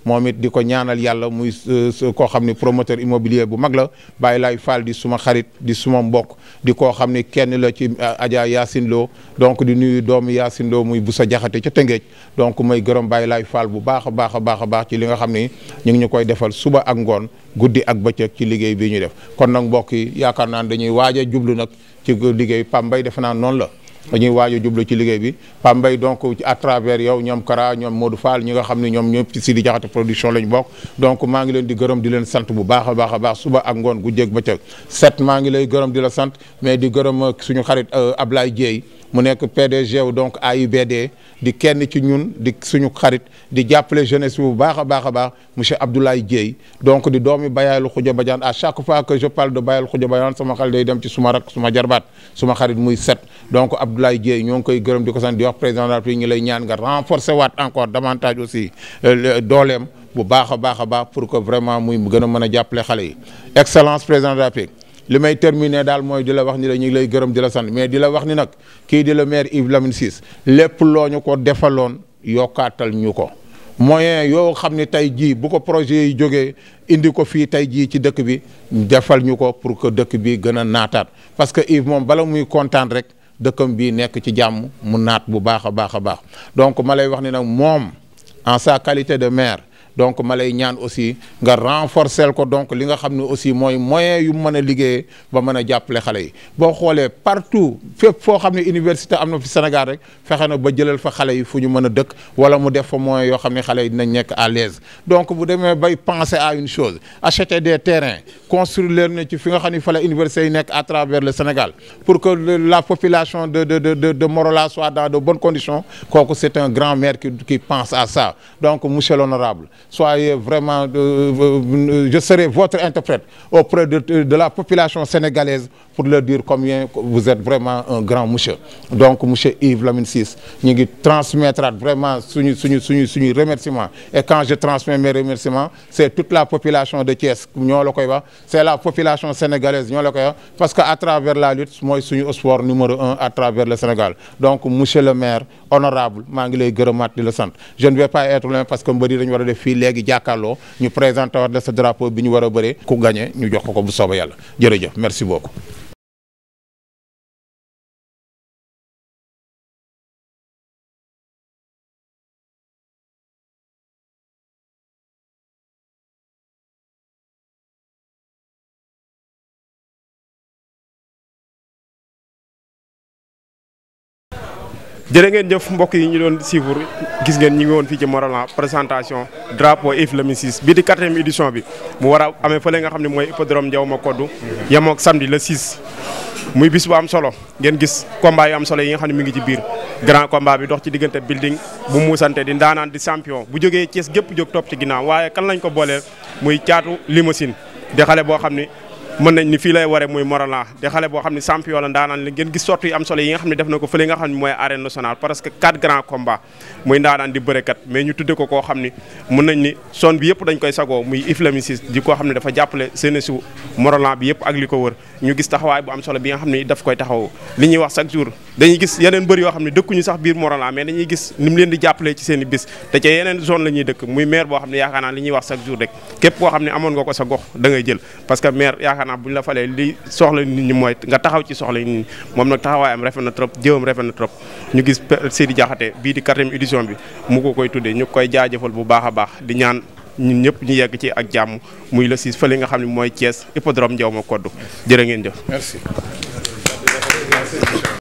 moom it di ko ñaanal yàlla muy euh, koo xam ni promoteur immobilier bu mag la bàyyi laay faal di suma xarit di suma mbokk di koo xam ni kenn la ci euh, Adja Yacine Lo donc di nuyu doom Yacine Lo muy bu sa jaxate ca Tëngéej donc may gërëm bàyyi laay faal bu baax a baax a baax baax ci li nga xam ni ñu ngi ñu koy defal suba ak ngoon guddi ak bëccëg ci liggéey bi ñu def kon nag mbokk yi yaakaar naa dañuy waaj a jublu nag ci liggéey Pam Mbaye defe naa noonu la dañuy waaj jublu ci liggéey bi Pape Mbaye donc à travers yow ñoom Kara ñoom Modou faal ñi nga xam ne ñoom ñëpp ci Sidi Diakhaté production lañ bokk donc maa ngi leen di gërëm di leen sant bu baax a baax a baax suba ak ngoon gu jéeg bëccëg set maa ngi lay gërëm di la sant mais di gërëm suñu xarit ab euh, Ablaye Dieye mu nekk PDG donc AUBD, di kenn ci ñun di suñu xarit di jàppale jeunesse bu baax a baax monsieur Abdoulaye Dieye donc di doomi Bayal Khoudia Badiane à chaque fois que je parle de Bayal Khoudia Badiane sama xel day dem ci suma rak suma jarbaat suma xarit muy set donc Abdoulaye Dieye ñoo ngi koy gërëm di ko sant di wax président de la République ñu lay ñaan nga renforcer encore davantage aussi euh, le bu baax a baax pour que vraiment muy gën a mën a jàppale xale excellence président de la République le maire terminé dal mooy di la wax ni la ñu lay di la sant mais dila la wax ni n'ak ki di le maire Yves Lamine Ciss lépp loo ko defaloon yokatal ñuko moyen yoo xam ne bu ko projet yi joggé indi ko fi tay ji ci dëkk bi défal ñuko pour que dëkk bi gëna natat parce que Yves mom bala muy kontaan rek dëkkam bi nekk ci jamm mu nat bu baaxa baaxa baax donc malay wax ni n'ak mom en sa qualité de maire donc ma ñaan aussi nga renforcer ko donc li nga xam aussi moy moyen yu mëna a ba mëna a xalé yi bo xolé partout fépp fo xam université am fi Sénégal rek fexé na ba jëlal fa xalé yi fu ñu mën dëkk wala mu def fa moyen yo xam xalé yi dina ñek à l'aise donc bu devez bay penser à une chose acheter des terrains construire leur ci fi nga faut fa la université yi nekk à travers le Sénégal pour que la population de de de de Morola soit dans de bonnes conditions que c'est un grand maire qui qui pense à ça donc monsieur l'honorable soyez vraiment, euh, euh, je serai votre interprète auprès de, la population sénégalaise pour leur dire combien vous êtes vraiment un grand monsieur. Donc, monsieur Yves Lamine 6, nous transmettra vraiment suñu remerciement. Et quand je transmets mes remerciements, c'est toute la population de Thiès, c'est la population sénégalaise, parce qu'à travers la lutte, moi, je suis au soir numéro un à travers le Sénégal. Donc, monsieur le maire, honorable, je ne vais pas être loin parce que je suis des filles léegi jàkkaarloo ñu présenté waat de sa drapeau bi ñu war a bëree ku gagné ñu jox ko ko bu soobee yàlla jërëjëf merci beaucoup jëre ngeen jëf mbokk yi ñu doon suivre gis ngeen ñi ngi woon fii ci Morolan présentation drapeau If le 6 bii di quatrième édition bi mu war a amee fële nga xam ne mooy hippodrome Ndiaw ma koddu yemook samedi le 6 muy bis bu am solo ngeen gis combat am solo yi nga xam ne mi ngi ci biir grand combat bi dox ci diggante building bu muusante di ndaanaan di champion bu jógee Thiès gépp jóg topp ci ginnaaw waaye kan lañ ko booleel muy caatu limousine di xale boo xam ni mën nañ ni fii lay waree muy Morolan di xale boo xam ne champion la ndaanaan li ngeen gis sorti yu am solo yi nga xam ne def na ko fële nga xam ne mooy arène nationale parce que quatre grands combats muy ndaanaan di bërekat mais ñu tudde ko koo xam ni mën nañ ni zone bi yëpp dañ koy sagoo muy iflamisis di koo xam ne dafa jàppale jeunesse Morolan bi yëpp ak li ko wër ñu gis taxawaay bu am solo bi nga xam ne daf koy taxaw li ñuy wax chaque jour dañuy gis seen i bis te ca yeneen zone la ñuy dëkk muy yaakaar naa bu ñu la falee li soxla nit ñi mooy nga taxaw ci soxla nit ñi moom nag taxawaayam rafet na trop jëwam rafet na trop ñu gis Sidi Diakhaté bii di quatrième édition bi mu ko koy tuddee ñu koy jaajëfal bu baax a baax di ñaan ñun ñëpp ñu yegg ci ak jàmm muy la siis fële nga xam ne mooy Thiès hippodrome Ndiaw ma koddu jërë ngeen jëf.